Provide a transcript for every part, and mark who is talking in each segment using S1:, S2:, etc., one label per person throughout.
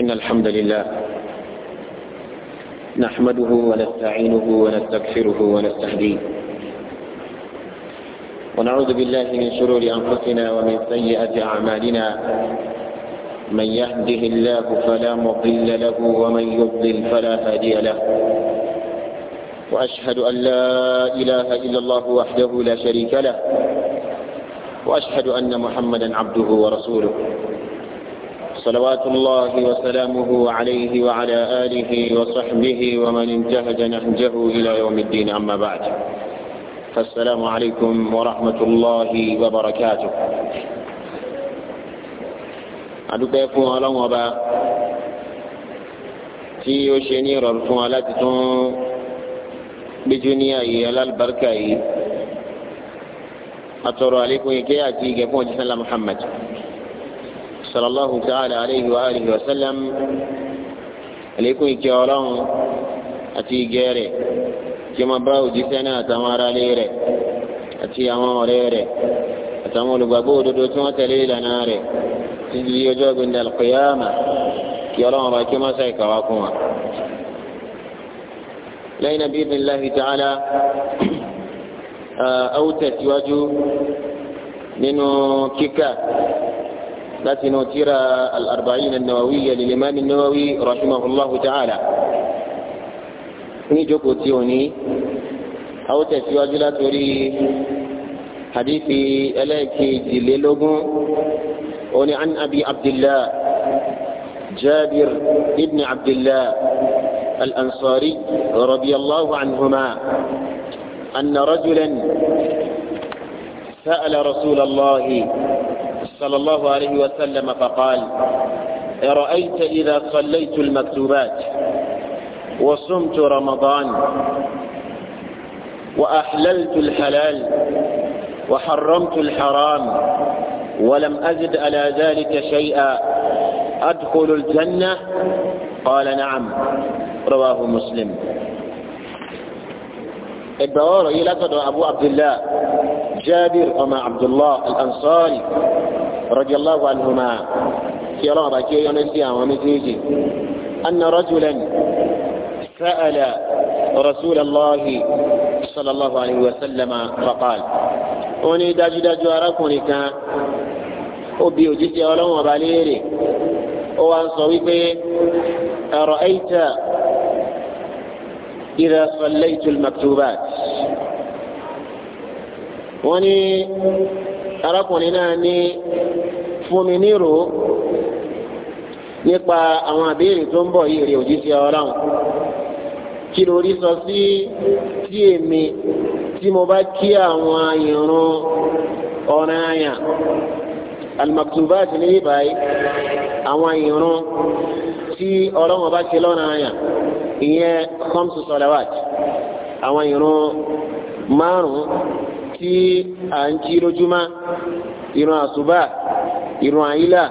S1: إن الحمد لله نحمده ونستعينه ونستغفره ونستهديه ونعوذ بالله من شرور أنفسنا ومن سيئة أعمالنا من يهده الله فلا مضل له ومن يضلل فلا هادي له وأشهد أن لا إله إلا الله وحده لا شريك له وأشهد أن محمدا عبده ورسوله صلوات الله وسلامه عليه وعلى آله وصحبه ومن انتهج نهجه إلى يوم الدين أما بعد فالسلام عليكم ورحمة الله وبركاته أدوك يكون على وبا في وشيني ربكم على تتون بجنيائي على البركائي أترى عليكم يكي أتي يكون جسلا محمد محمد sallallahu ta'ala aleyhi wa alihi wa sallam àlékún ìkẹ́ ọlọ́run àti ìgẹ́ rẹ̀ kí wọ́n bá òjíṣẹ́ náà àtàwọn aráalé rẹ̀ àti àwọn ọ̀rẹ́ rẹ̀ àtàwọn olùgbàgbọ́ òdodo tí wọ́n tẹ̀lé ìlànà rẹ̀ títí di ọjọ́ gbẹ̀ndẹ̀ alqiyama kí ọlọ́run bá kí wọ́n sá ìkàwá kún wa. lẹ́yìn nàbí ibnillahi ta'ala àwùtẹ̀ síwájú nínú kíkà ذات نوتيرا الأربعين النووية للإمام النووي رحمه الله تعالى ني جوكو تيوني أو تسيوا جلا توري حديثي إليكي جليلوغو أولي عن أبي عبد الله جابر بن عبد الله الأنصاري رضي الله عنهما أن رجلا سأل رسول الله صلى الله عليه وسلم فقال أرأيت إذا صليت المكتوبات وصمت رمضان وأحللت الحلال وحرمت الحرام ولم أزد على ذلك شيئا أدخل الجنة قال نعم رواه مسلم الدوار إلى أبو عبد الله جابر أما عبد الله الأنصاري radiyallahu anhuma kí ọlọ́run bá kí ó yọ́nú sí àwọn méjèèjì anna rajulan sa'ala rasulallahi sallallahu alayhi wa sallam faqal ó ní dájúdájú arákùnrin kan ó bi òjíṣẹ́ ọlọ́run ọba léèrè ó wá ń sọ wípé ara'ayta idha sallaytu al-maktubat wọ́n ní arákùnrin náà ní fún mi nírò nípa àwọn àbẹ̀rẹ̀ tó ń bọ̀ yìí rè òjíṣẹ́ ọlọ́run kí lórí sọ sí tí èmi tí mo bá kí àwọn ìrun ọ̀ràn àyàn alimakutubaati ní báyìí àwọn ìrun tí ọlọ́run bá ti lọ́nà àyàn ìyẹn khamsu salawat àwọn ìrun márùn-ún tí à ń kí lójúmọ́ ìrun àsùbá irun àyílà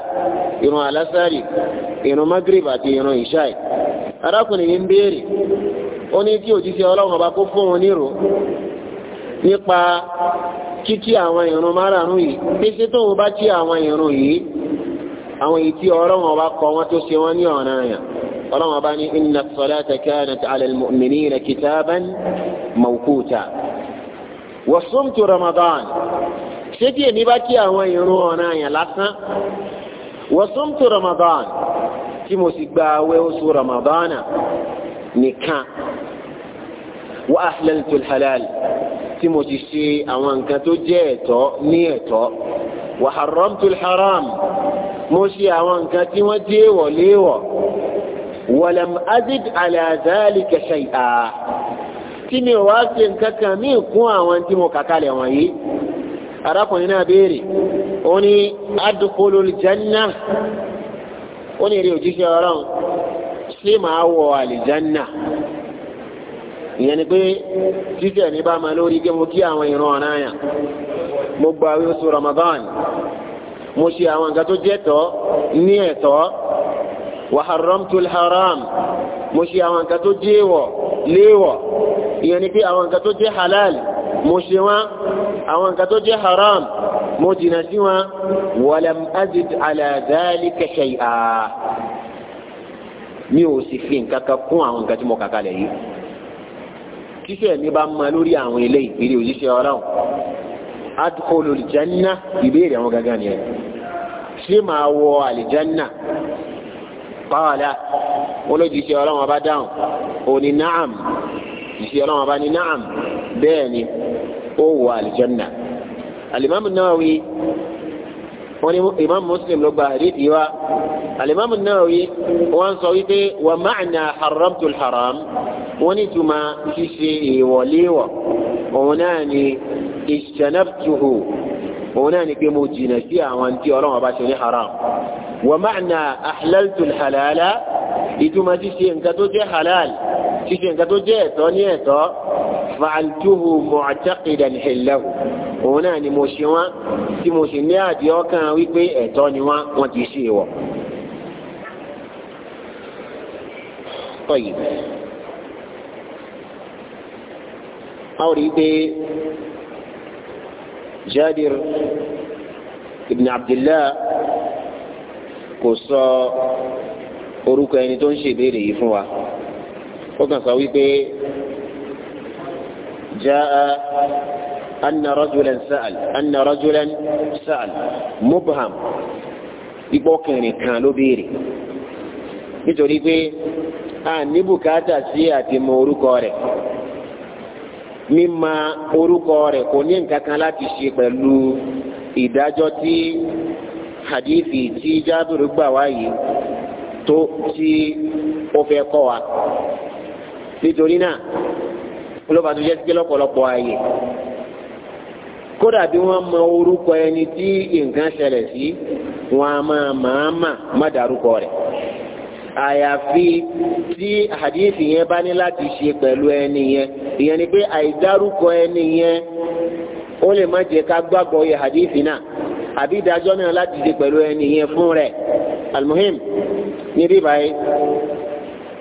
S1: irun alásàrì irun magrib àti irun ìṣáì arákùnrin yìí ń béèrè ó ní kí òjíṣẹ́ ọlọ́run ọba kó fún òun nírò nípa kíkí àwọn irun márààrún yìí pèsè tóun bá kí àwọn irun yìí àwọn èyí tí ọlọ́run ọba kọ wọn tó ṣe wọn ní ọ̀ranyàn ọlọ́run ọba ní inna as-salata kanat 'ala al-mu'minina kitaban ramadan ṣé bí èmi bá kí àwọn ìrun ọ̀ràn àyàn lásán wọ́sọ́m tó Ramadan tí mo sì gba àwẹ̀ oṣù Ramadan nìkan wa ahlaltu al-halal tí mo ti ṣe àwọn nǹkan tó jẹ́ ẹ̀tọ́ ní ẹ̀tọ́ wa harramtu al-haram mo ṣe àwọn nǹkan tí wọ́n jẹ́ èèwọ̀ léèwọ̀ walam azid ala zalika shay'a tí mi ò wá ṣe kan ní ìkún àwọn tí mo kà kalẹ̀ wọ̀nyí arákùnrin náà béèrè ó ní adùkúlù jẹ́nà ó ní èrè òjíṣẹ́ ọlọ́run sí máa wọ àlìjánà ìyẹn ni pé títẹ̀ ní bá máa lórí gé mo kí àwọn ìran ọ̀nà àyàn mo gba àwẹ̀ oṣù Ramadan mo ṣe àwọn nǹkan tó jẹ́ tọ́ ní ẹ̀tọ́ wàhárọ́mtul haram mo ṣe àwọn nǹkan tó jẹ́ wọ̀ léèwọ̀ ìyẹn ni pé àwọn nǹkan tó jẹ́ halal mo ṣe wọ́n àwọn nǹkan tó jẹ́ haram mo jìnnà sí wọn walam azid ala dhalika shay'a mi ò sì fi nǹkan kan kún àwọn nǹkan tí mo kà kalẹ̀ yìí tíṣẹ́ mi bá mọ lórí àwọn eléyìí ìrírí òjíṣẹ́ ọlọ́run adkhulu aljanna ìbéèrè àwọn gangan nìyẹn ṣé màá wọ àlìjánná qala olójúṣe ọlọ́run ọba dáhùn òní náàm ìṣe ọlọ́run ọba ní náàm bẹ́ẹ̀ ni ó wọ àlìjánná alimami Nawawi wọn ni imam muslim ló gba àdídì wa alimami Nawawi wọn sọ wípé wà máàna haramtul haram wọn ni tuma ṣíṣe ìwọléwọ òun náà ni ìṣẹ̀nàftuhu òun náà ni pé mo jìnà sí àwọn tí ọlọ́wọ́n bá ṣe ní haram wà máàna ahlaltul halala ìtumọ̀ ṣíṣe nǹkan tó jẹ́ halal ṣíṣe nǹkan tó jẹ́ ẹ̀tọ́ ní ẹ̀tọ́ fàlùtùhù mu'taqidan hillahu òun náà ni mo ṣe wọn tí mo ṣe ní àdìọ́kàn wípé ẹ̀tọ́ ni wọn wọn kì í ṣe wọ. a ó rí i pé Jabir ibn Abdullah kò sọ orúkọ ẹni tó جاء أن رجلا سأل أن رجلا سأل مبهم ipò ọkùnrin kan ló béèrè nítorí pé a ní bùkátà sí àti mọ orúkọ rẹ̀ mímọ̀ orúkọ rẹ̀ kò ní nǹkan kan láti ṣe pẹ̀lú ìdájọ́ tí hadithi tí jábìrì gbà wá yìí tó tí ó fẹ́ kọ́ wa nítorí náà olóba tó yẹ ti lọ́pọ̀lọpọ̀ ààyè kódà bí wọ́n mọ orúkọ ẹni tí nǹkan ṣẹlẹ̀ sí wọn a máa máa mà má dárúkọ rẹ̀ àyàfi tí àdéhìí yẹn bá ní láti ṣe pẹ̀lú ẹni yẹn ìyẹn ni pé àìdárúkọ ẹni yẹn ó lè má jẹ́ ká gbàgbọ́ yẹ àdéhìí náà àbí ìdájọ́ náà láti ṣe pẹ̀lú ẹni yẹn fún rẹ̀ almuhim ní bíbáyé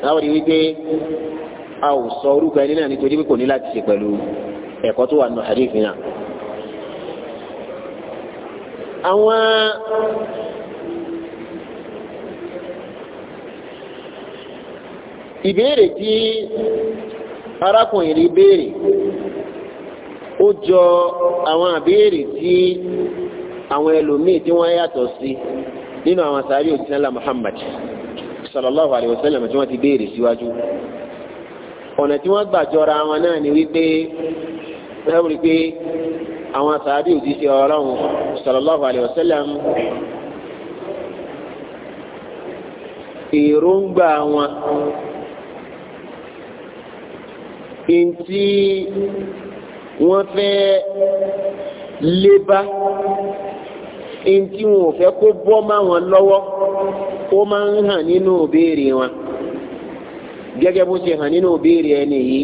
S1: láwọn wípé a ò sọ orúkọ ẹni náà nítorí pé kò ní láti ṣe pẹ̀lú ẹ̀kọ́ tó wà nù hadith náà. àwọn ìbéèrè tí arákùnrin rí béèrè ó jọ àwọn àbéèrè tí àwọn ẹlòmíì tí wọ́n yàtọ̀ sí nínú àwọn sàárì òtítẹ́lá Muhammad sallallahu alayhi wa sallam tí wọ́n ti béèrè síwájú. Si ọ̀nà tí wọ́n gbà jọra wọn náà ni wípé ẹ wí pé àwọn sàábì òjíṣẹ́ ọlọ́run sallallahu alayhi wa sallam èròǹgbà wọn ntí wọ́n fẹ́ lébá ntí wọn ò fẹ́ kó bọ́ máa wọn lọ́wọ́ ó máa ń hàn nínú ìbéèrè wọn gẹ́gẹ́ bó ṣe hàn nínú ìbéèrè ẹni yìí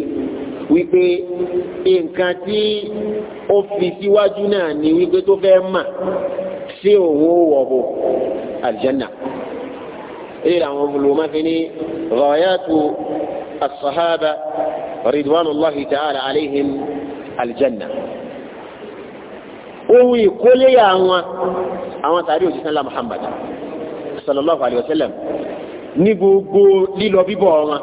S1: wípé nǹkan tí ó fi síwájú náà ni wípé tó fẹ́ mà sí òun ó wọ̀ bò àlìjánà èyí làwọn olùmọ̀ fi ní ghayatu as-sahaba ridwanullahi ta'ala alayhim àlìjánà ohun ìkólé àwọn àwọn tàbí òjíṣẹ́ ńlá Muhammad sallallahu alayhi wa sallam ní gbogbo lílọ bíbọ̀ wọn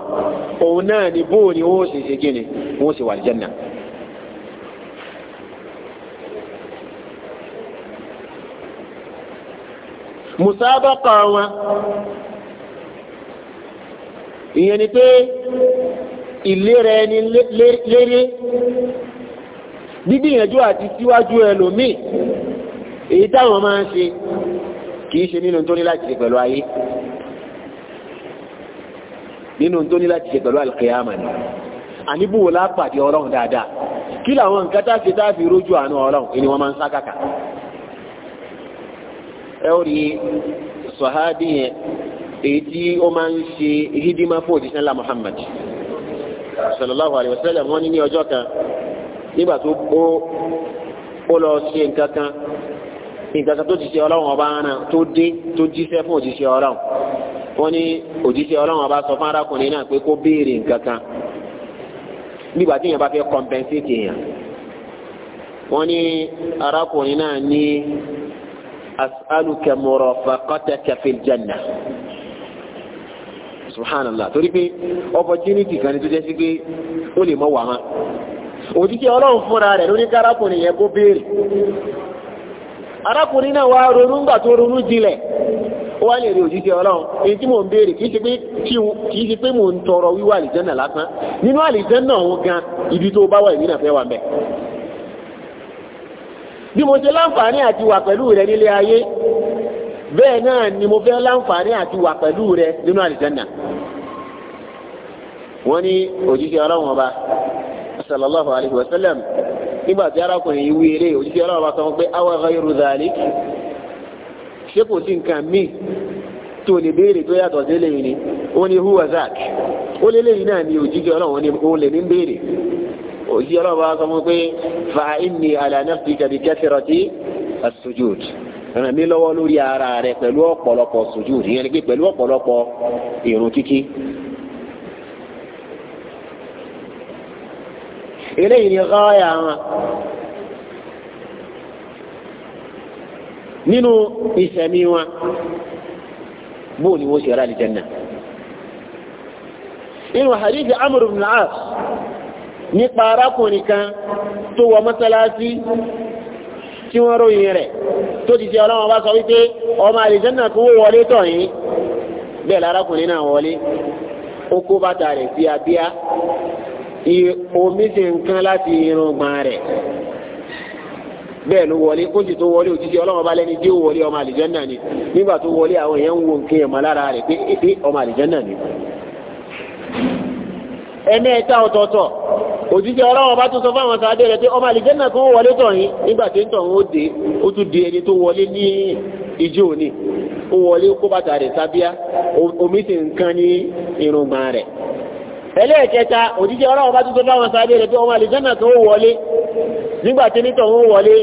S1: òun náà ni bóò ni ó sì ṣe gíni wọ́n sì wà ní Janna. wọn ìyẹn ni pé ìlera ẹni léré gbígbìyànjú àti síwájú ẹlòmíì èyí táwọn máa ń ṣe kì í ṣe nínú tó ní láti ṣe pẹ̀lú ayé nínú tó ní láti ṣe pẹ̀lú alkiyama ni a ní búwò lápàdé ọlọ́run dáadáa kí làwọn nǹkan tá ṣe táàfi rójú àánú ọlọ́run ni wọ́n máa ń sákàkà ẹ ó rí sọ̀hádì yẹn èyí tí ó máa ń ṣe hídímá fún òjíṣẹ́ ńlá Muhammad sallallahu alayhi wa sallam wọ́n ní ní ọjọ́ kan nígbà tó ó lọ ṣe nǹkan kan nǹkan kan tó ti ṣe ọlọ́run ọba ara tó dé tó jíṣẹ́ fún òjíṣẹ́ ọlọ́run wọ́n ní òjíṣẹ́ ọlọ́run ọba sọ fún arákùnrin náà pé kó béèrè nǹkan kan nígbà tí yẹn bá fẹ́ kọ́mpẹ́nsìtì yẹn wọ́n ní arákùnrin náà ní as'aluka murafaqataka fil janna subhanallah torí pé opportunity kan ní tó jẹ́ sí pé ó lè mọ wà wọn òjíṣẹ́ ọlọ́run fúnra rẹ̀ lórí kárákùnrin yẹn kó béèrè arákùnrin náà wá ronú ńgbà tó ronú jinlẹ̀ wá lè rí òjíṣẹ́ ọlọ́run èyí tí mò ń béèrè kìí ṣe pé kìí ṣe pé mò ń tọrọ wíwá àlìjẹ́nà lásán nínú àlìjẹ́nà òun gan ibi tó bá wà èmi náà fẹ́ wà mẹ́. bí mo ṣe láǹfààní àti wà pẹ̀lú rẹ nílé ayé bẹ́ẹ̀ náà ni mo fẹ́ láǹfààní àti wà pẹ̀lú rẹ nínú àlìjẹ́nà. wọ́n ní òjíṣẹ́ ọlọ́run ọba sallallahu alayhi wa sallam nígbà tí arákùnrin yìí wí ṣé kò sí nǹkan míì tó lè béèrè tó yàtọ̀ sí lẹ́yìn ni ó ní huwa zak ó lé lẹ́yìn náà ni òjíṣẹ́ ọlọ́run ó lè ní béèrè òjíṣẹ́ ọlọ́run bá sọ fún pé fa inni ala nafsika bi kathrati as-sujud ràn mí lọ́wọ́ lórí ara rẹ pẹ̀lú ọ̀pọ̀lọpọ̀ sujud ìyẹn ni pé pẹ̀lú ọ̀pọ̀lọpọ̀ ìrun kíkí. eléyìí ni gáyà wọn. nínú ìsẹ̀mí wọn bó ni wọ́n ṣe ra àlìjẹ́nà nínú hadithi amr ibn as nípa arákùnrin kan tó wọ mọ́sálásí tí wọ́n ròyìn rẹ̀ tó ti ṣe ọlọ́wọ́n bá sọ wípé ọmọ àlìjẹ́nà kó wọlé tọ̀ yìí bẹ́ẹ̀ lárákùnrin náà wọlé ó kó bàtà rẹ̀ sí omi sì ń láti irun gbọ̀n rẹ̀ bẹ́ẹ̀ ló wọlé ó sì tó wọlé òjijì ọlọ́run bá lẹ́ni dé ó wọlé ọmọ ni nígbà tó wọlé àwọn èèyàn ń wo nǹkan lára rẹ̀ pé é eh, eh, ọmọ ni. ẹ̀mẹ́ta ọ̀tọ̀ọ̀tọ̀ òjijì ọlọ́run bá tún sọ ọmọ kan wọlé tọ̀ nígbà tí ń ó bá sọ fáwọn sáadé rẹ̀ pé kan wọlé nígbà tí nítọ̀ ń wọlé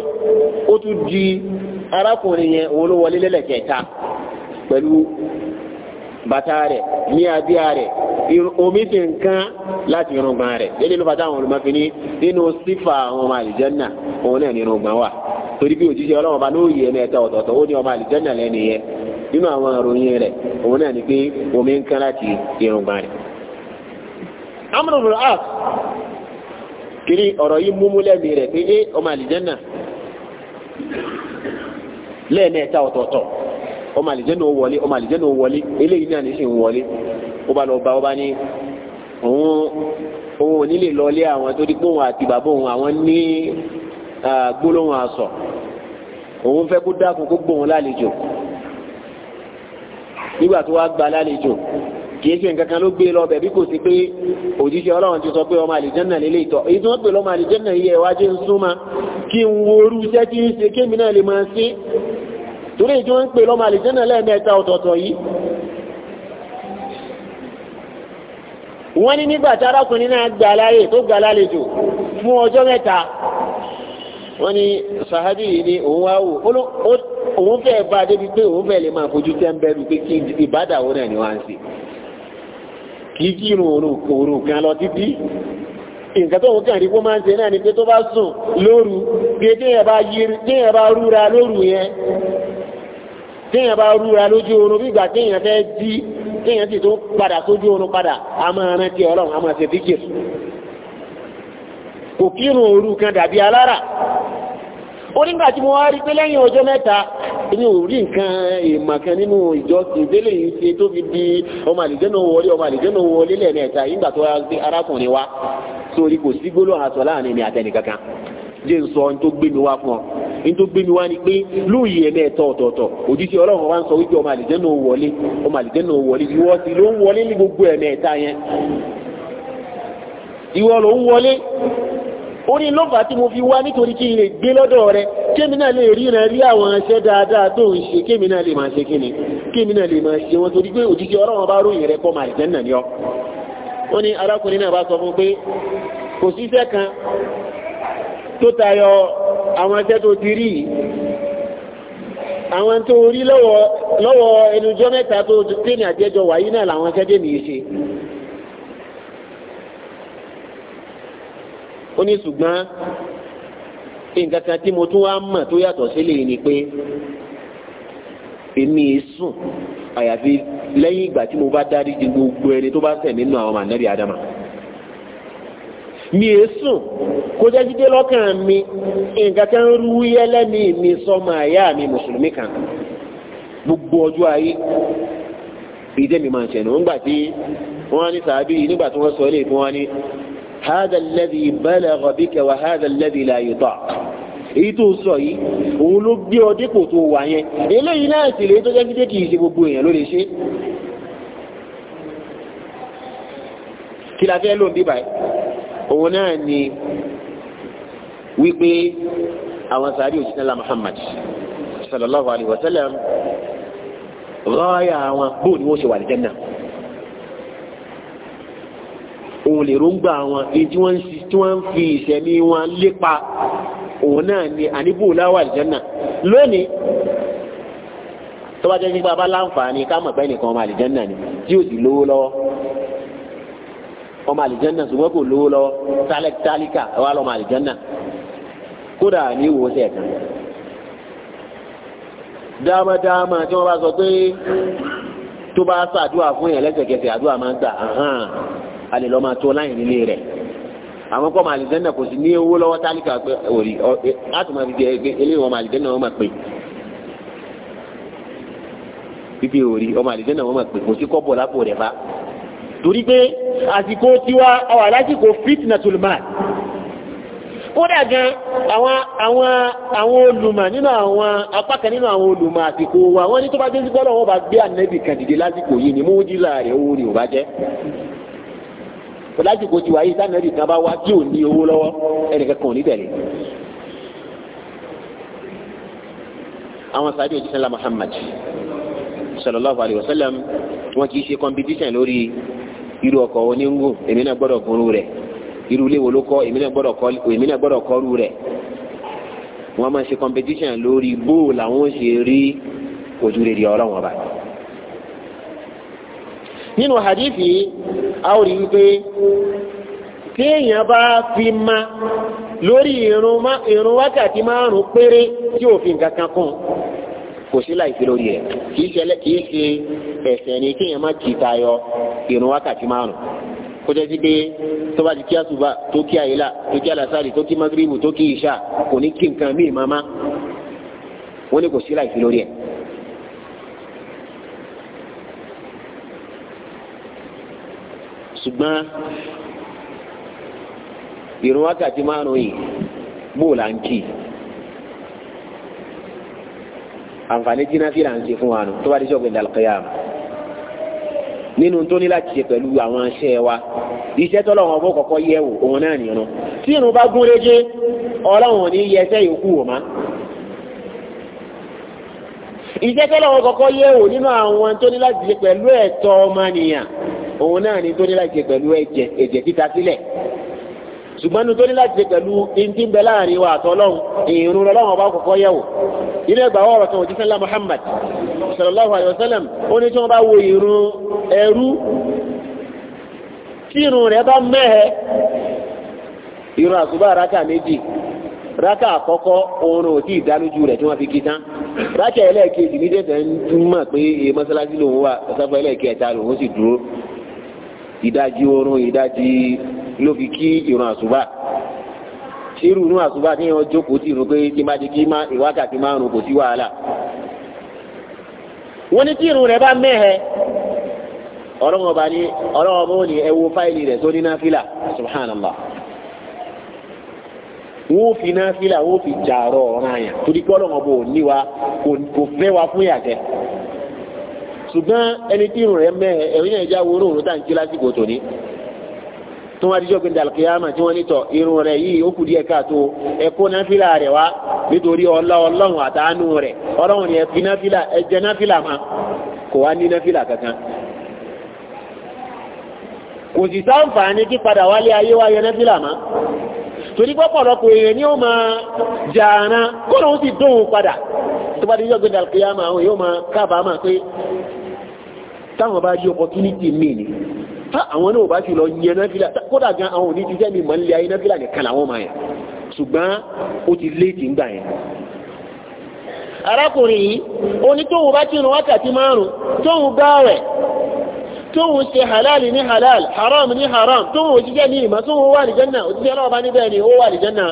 S1: ó tún di arákùnrin yẹn òun ló wọlé lẹ́lẹ̀kẹta pẹ̀lú bàtà rẹ̀ ní abíyá rẹ̀ omi ti ń kán láti irùngbọ̀n rẹ̀ Bata, nínú bàtà àwọn olùmọ̀fin ní nínú sífà àwọn ọmọ àlìjẹ́nà òun náà ní irùngbọ̀n wà torí bí òjíṣẹ́ ọlọ́wọ́n bá lóye ẹni ẹ̀ta ọ̀tọ̀ọ̀tọ̀ ó ní ọmọ àlìjẹ́nà lẹ́nu yẹn nínú àwọn rẹ̀ kiri ọ̀rọ̀ yìí múmú lẹ́mìí rẹ̀ pé é eh, ọmọ àlìjẹ́nà lẹ́ẹ̀mẹ́ta ọ̀tọ̀ọ̀tọ̀ ọmọ àlìjẹ́nà ó wọlé ọmọ àlìjẹ́nà ó wọlé eléyìí náà ní sì ń wọlé ó bá lọ bá ó bá ní òun òun ò lọlé àwọn tó di òun àti bàbá òun àwọn ní gbólóhùn asọ òun fẹ́ kó dákun kó gbóhùn lálejò nígbà tó wá gba lálejò kì í ṣe nǹkan kan ló gbé lọ bẹ̀bí kò sí pé òjíṣẹ́ ọlọ́run ti sọ pé ọmọ àlìjẹ́nà lélẹ̀ ìtọ̀ èyí tí wọ́n pè lọ́mọ àlìjẹ́nà yìí ẹ̀wá jẹ́ ń súnmọ́ kí n wo orú iṣẹ́ tí ń ṣe kémi náà lè máa ṣe torí èyí ń pè lọ́mọ àlìjẹ́nà lẹ́ẹ̀mẹ́ta ọ̀tọ̀ọ̀tọ̀ yìí wọ́n ní nígbà tí náà gbà láyè tó gbà lálejò fún ọjọ́ mẹ́ta wọ́n ní sahabi yìí ni òun wá wò òun fẹ́ bá débi pé òun fẹ́ lè máa fojú tẹ́ńbẹ́rù pé kí ìbádàwó náà ni wọ́n ń ṣe kìí kírun òru òru kan lọ títí nǹkan tó ń rí kó máa ń ṣe náà ni pé tó bá sùn lóru pé bá rúra lóru yẹn téèyàn bá rúra lójú oorun bí ìgbà fẹ́ jí téèyàn sì tó padà sójú oorun padà a máa rántí ọlọ́run a onígbà tí mo wá rí pé lẹ́yìn ọjọ́ mẹ́ta ní orí nǹkan ìmọ̀kan nínú ìjọsìn délé yìí ṣe tó fi di ọmọ àlìjẹ́nà wọlé ọmọ àlìjẹ́nà wọlé lẹ́ẹ̀mẹ́ta ìgbà tó wá gbé arákùnrin wa sórí kò sí gbólóhùn àtọ̀ láàrin mi àtẹnìkankan jẹ́ ń sọ ní tó gbé mi wá fún ọ ní tó gbé mi wá ni pé lóòyè ẹ̀mẹ́ẹ̀tọ̀ ọ̀tọ̀ọ̀tọ̀ òjíṣẹ́ ọlọ́run wa ń sọ wípé ọmọ àlìjẹ́nà wọlé ọmọ àlìjẹ́nà wọlé orí lọ́fà tí mo fi wá nítorí kí ilé gbé lọ́dọ̀ rẹ kémi náà lè ríran rí àwọn ẹṣẹ́ dáadáa tó ń ṣe kémi lè máa ṣe kíni kémi lè máa ṣe wọn torí pé òjijì ọlọ́run bá ròyìn rẹ pọ̀ màrì tẹ́nà ni ọ ó ní arákùnrin náà bá sọ fún pé kò síṣẹ́ kan tó tayọ àwọn ẹṣẹ́ tó ti rí àwọn tó rí lọ́wọ́ ẹnujọ́ mẹ́ta tó tẹ́ni àjẹjọ wáyé náà làwọn ẹṣẹ́ dé mi ó ní ṣùgbọ́n nǹkan kan tí mo tún wá mọ̀ tó yàtọ̀ sílẹ̀ ni pé èmi sùn àyàfi lẹ́yìn ìgbà tí mo bá dárí di gbogbo ẹni tó bá ṣẹ̀ nínú àwọn mànẹ́bí adama mi è sùn kó jẹ́ jíde lọ́kàn mi nǹkan kan rú yẹ́lẹ́mí mi sọmọ àyá mi mùsùlùmí kan gbogbo ọjọ́ ayé ìdẹ́mi máa ń ṣẹ̀nù nígbà tí wọ́n á ní sàábì nígbà tí wọ́n sọ ilé ìfún wa ní هذا الذي بلغ بك وهذا الذي لا يطاق èyí tó sọ yìí òun ló gbé ọ dépò tó wà yẹn eléyìí náà sì lè tó jẹ́ gídé kìí ṣe gbogbo èèyàn ló lè ṣe kí la fẹ́ ló ń bíbà òun náà ni wípé àwọn sàárì òṣìṣẹ́lá Muhammad sallallahu alayhi wa sallam rọ́ọ̀yà àwọn bóun ni wọ́n ṣe wà ní Jánnà náà òun lè róńgbà wọn èyí tí wọ́n ń fi ìṣẹ̀mí wọn lépa òun náà ni àníbù láwà àlìjánà lónìí tó bá jẹ́ nípa bá láǹfààní ká mọ̀ pé nìkan ọmọ àlìjánà ni tí ò sì lówó lọ́wọ́ ọmọ àlìjánà ṣùgbọ́n kò lówó lọ́wọ́ tálíkà wà lọ́mọ àlìjánà kódà ní ìwòsàn ẹ̀kan dámadáma tí wọ́n bá sọ pé tó bá ṣàdúrà fún yẹn lẹ́sẹ̀kẹsẹ̀ àdúrà máa ń gbà a lè lọ máa tó láyìn nílé rẹ̀ àwọn kọ́ màlìdẹ́nà kò sí ní owó lọ́wọ́ tálíkà pé òrì láti máa fi jẹ ẹgbẹ́ eléyìí wọn màlìdẹ́nà wọn máa pè pípé òrì ọmọ àlìdẹ́nà wọn máa pè kò sí kọ́bọ̀ lápò rẹ̀ bá torí pé àsìkò tiwa ọ̀wà lásìkò fitnatul mal kódà gan àwọn àwọn àwọn olùmọ̀ nínú àwọn apákan nínú àwọn olùmọ̀ àsìkò wa wọ́n ní tó bá dé sí bọ́lọ̀ wọn bá gbé ànẹ́bì kan lásìkò yìí ni mú jílà rẹ̀ owó ni ò bá jẹ́ lásìkò tiwa yìí sànẹ́rì kan bá wá tí ò ní owó lọ́wọ́ ẹnìkan kan ò ní tẹ̀lé. àwọn sáájú òjíṣẹ́ ńlá Muhammad sallallahu alayhi wa sallam wọn kì í ṣe competition lórí irú ọkọ̀ oníngùn èmi náà gbọ́dọ̀ gun rẹ̀ irú ilé wo ló kọ́ èmi náà gbọ́dọ̀ kọ́ rú rẹ̀ máa ṣe competition lórí bóòlù àwọn ò ṣe rí ojú rere ọlọ́wọ́n nínú hadithi a ó rí wípé téèyàn bá fi ma lórí ìrun wákàtí márùn péré tí òfin kankan kún kò sí láìsí lórí ẹ̀ kìí ṣe ẹ̀ṣẹ̀ ni kéèyàn má kì í tayọ ìrun wákàtí márùn kó jẹ́ sí pé tó bá ti kí àsùbá tó kí àyílà tó kí àlàsárì tó kí magribu tó kí ìṣà kò ní kí nǹkan míì ṣùgbọ́n ìrun wákàtí márùn yìí bóò là ń kì í àǹfààní jìnnàfì là ń ṣe fún wa nù tó bá dé sọ̀gbìn dàlùkẹ́yà nínú tó ní láti ṣe pẹ̀lú àwọn iṣẹ́ wa iṣẹ́ tó lọ́wọ́ ọgbọ́n kọ̀kọ́ yẹ wò òun náà nìyẹn tí irun bá gún régé ọlọ́run ní yẹ ẹsẹ́ yòókù wò má iṣẹ́ tó lọ́wọ́ kọ̀kọ́ yẹ wò nínú àwọn tó ní láti ṣe pẹ̀lú ẹ̀tọ́ ọmọnìyàn òun náà ni tó ní láti ṣe pẹ̀lú ẹ̀jẹ̀ ẹ̀jẹ̀ títa sílẹ̀ ṣùgbọ́n ní tó ní láti ṣe pẹ̀lú ntí ń bẹ láàrin wa àtọ́lọ́hún ìrún lọ́wọ́ bá kọ́kọ́ yẹ̀wò inú ẹgbà ọ̀rọ̀ kan òjíṣẹ́ ńlá Muhammad sallallahu alayhi wa sallam ó ní tí wọ́n bá wo ìrún ẹrú tí ìrún rẹ̀ bá ìrún méjì àkọ́kọ́ fi kí tán ẹlẹ́ẹ̀kejì ní ń pé mọ́sálásí lòun wà ọ̀sáfọ́ ìdajì oorun ìdajì ló fi kí ìrun àsùbà irú ìrun àsùbà ní ọjọ́ kò tí pé kí má di kí má ìwákàtí kò sí wàhálà wọ́n ní tí rẹ̀ bá mẹ́hẹ ọlọ́wọ́n ní ọlọ́wọ́n bó ní fáìlì rẹ̀ tó ní náfìlà subhanallah wọ́n fi wọ́n fi jàrọ̀ ọ̀ràn àyàn torí pé ní wa kò fẹ́ wa fún ṣùgbọ́n ẹni tí irun rẹ̀ mẹ́ ẹ̀rín náà já wọnú òun táǹkì lásìkò tòní tó wá díjọ́ pé dàlùkìyàmà tí wọ́n ní tọ̀ irun rẹ̀ yìí ó kù díẹ̀ káàtó ẹ̀kọ́ náfìlà rẹ̀ wá nítorí ọlá ọlọ́run àtàánú rẹ̀ ọlọ́run ni ẹ̀fin náfìlà ẹ̀jẹ̀ náfìlà ma kò wá ní náfìlà kankan. kò sì sáǹfààní kí padà wálé ayé wá yẹ náfìlà ma torí pọ́pọ̀lọpọ̀ èèyàn ni ó máa jàánà kó lóun sì dóhùn padà tó bá díjọ́ pé dàlùkìyàmà yóò máa kábàámà pé táwọn bá rí opportunity mi ni tá àwọn náà bá ti lọ yẹ náfìlà kódà gan àwọn òní ti jẹ́ mi mọ̀lẹ́ ayé náfìlà nìkan làwọn máa yẹn ṣùgbọ́n ó ti léètì ń gbà yẹn. arákùnrin yìí oní tóun bá kírun wákàtí márùn tóun gbààwẹ̀ tóun ṣe halal ní halal haram ní haram tóun òjíjẹ́ ní ìmọ̀ tóun wà ní jẹ́nà òjíjẹ́ náà bá níbẹ̀ ni ó wà ní jẹ́nà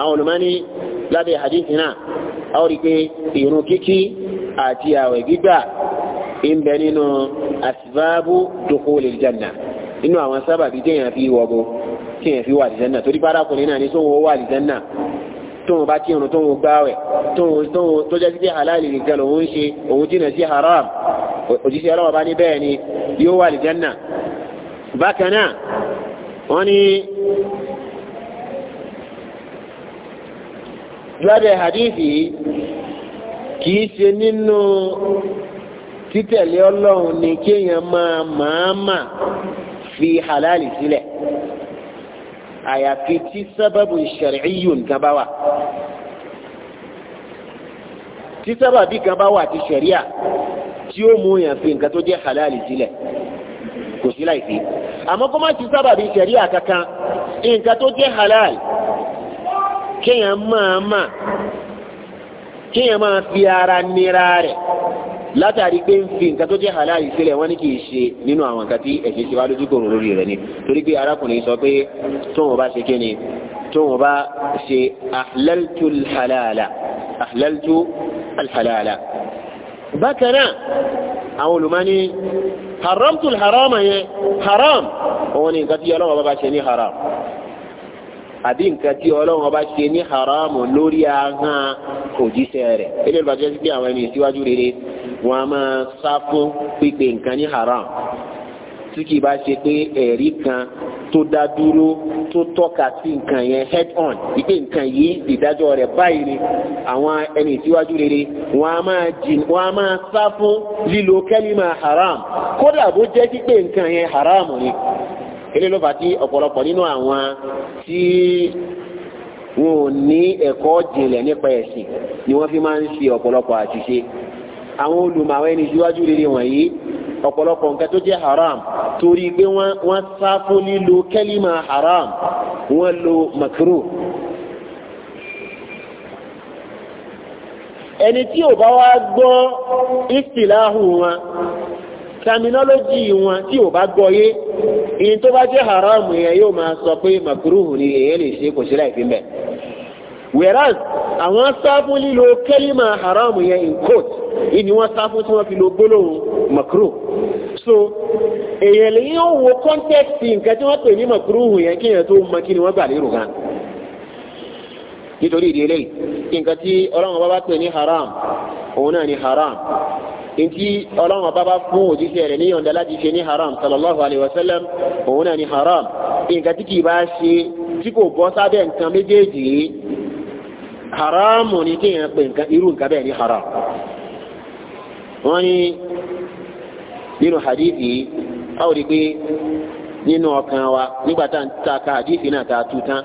S1: àwọn olùmọ́ni lábẹ́ hadithi náà àwọn rí pé ìrun kíkí àti àwẹ̀ gbígbà ń bẹ nínú asibaabu dukhul aljanna nínú àwọn sábàbí téèyàn fi wọgbó téèyàn fi wà aljanna torí párákùnrin náà ní sóhun ó wà aljanna tóun bá kírun tóun gbáwẹ̀ tóun tó jẹ́ títí halali nìkan lòun ń ṣe òun jìnà sí haram òjíṣẹ́ ọlọ́wọ́ bá ní bẹ́ẹ̀ ni yóò wà aljanna bákan náà wọ́n ní lábẹ́ hadithi kìí ṣe nínú títẹ̀lé ọlọ́run ni kéèyàn máa màámà fi halali sílẹ̀ àyàfi tí sábàbù shar'iyyu nǹkan bá wà tí sábàbí kan bá wà ti sẹ̀ríà tí ó mú yàn fi nǹkan tó jẹ́ halali sílẹ̀ kò sí láìsí àmọ́ kó má ti sábàbí sẹ̀ríà kankan nǹkan tó jẹ́ halal kéèyàn máa mà kéèyàn máa fi ara nira rẹ̀ látàrí pé ń fi nǹkan tó jẹ́ halal sílẹ̀ wọ́n ní kì í ṣe nínú àwọn nǹkan tí ẹ̀sìn ti wá lójú kòrò lórí rẹ̀ ni torí pé arákùnrin sọ pé tóun bá ṣe kí ni tóun bá ṣe ahlaltu alhalala ahlaltu alhalala bákan náà àwọn olùmọ́ni haramtu alharama yẹn haram òun ni nǹkan tí ọlọ́wọ́ bá ṣe ní haram àbí nǹkan tí ọlọ́run ọba ṣe ní haramu lórí ahọ́n òjíṣẹ́ rẹ̀ eléyìí bá sí pé àwọn ẹni ìsíwájú rere wọn a máa sá fún pípe nǹkan ní haram tí kì í bá ṣe pé ẹ̀rí kan tó dá dúró tó tọ́ka sí nǹkan yẹn head on ìpè nǹkan yìí ìdájọ́ rẹ̀ báyìí ni àwọn ẹni ìtíwájú rere wọn a máa jìn wọn a máa sá fún lílo kẹ́límà haram kódà bó jẹ́ pípe nǹkan yẹn haram ni ilé ló fà tí ọ̀pọ̀lọpọ̀ nínú àwọn tí wọn ò ní ẹ̀kọ́ jìnlẹ̀ nípa ẹ̀sìn ni wọ́n fi máa ń ṣe ọ̀pọ̀lọpọ̀ àṣìṣe àwọn olùmọ̀wé ni síwájú rere wọ̀nyí ọ̀pọ̀lọpọ̀ nǹkan tó jẹ́ haram torí pé wọ́n sá fún lílo kẹ́límà haram wọ́n lo makru. ẹni tí ò bá wá gbọ́ ìsìláhù wọn terminology wọn tí ò bá gbọ́ yé ìyìn tó bá jẹ́ haram yẹn yóò máa sọ pé makruhu ni èyẹ lè ṣe kò sí láì whereas àwọn sá fún lílo kẹ́límà haram yẹn in court ìní wọ́n sá fún tí wọ́n fi lo gbólóhùn makro so èyàn lè yíò wo context nǹkan tí wọ́n pè ní makro hùn yẹn kí èyàn tó mọ kí ni wọ́n gbà lérò gan nítorí ìdílé nǹkan tí ọlọ́run bá bá pè ní haram òun náà ni haram nti ọlọ́run ọba bá fún òjíṣẹ́ rẹ̀ ní yọ̀ǹda láti ṣe ní haram sallallahu alayhi wa sallam òun náà ni haram nǹkan tí kì í bá ṣe tí kò bọ́ sábẹ́ nǹkan méjèèjì haramu ni kéèyàn pè nǹkan irú nǹkan bẹ́ẹ̀ ni haram wọ́n ní nínú hadithi a ò rí pé nínú ọkàn wa nígbà tá à ń ta ka hadithi náà ta tu tán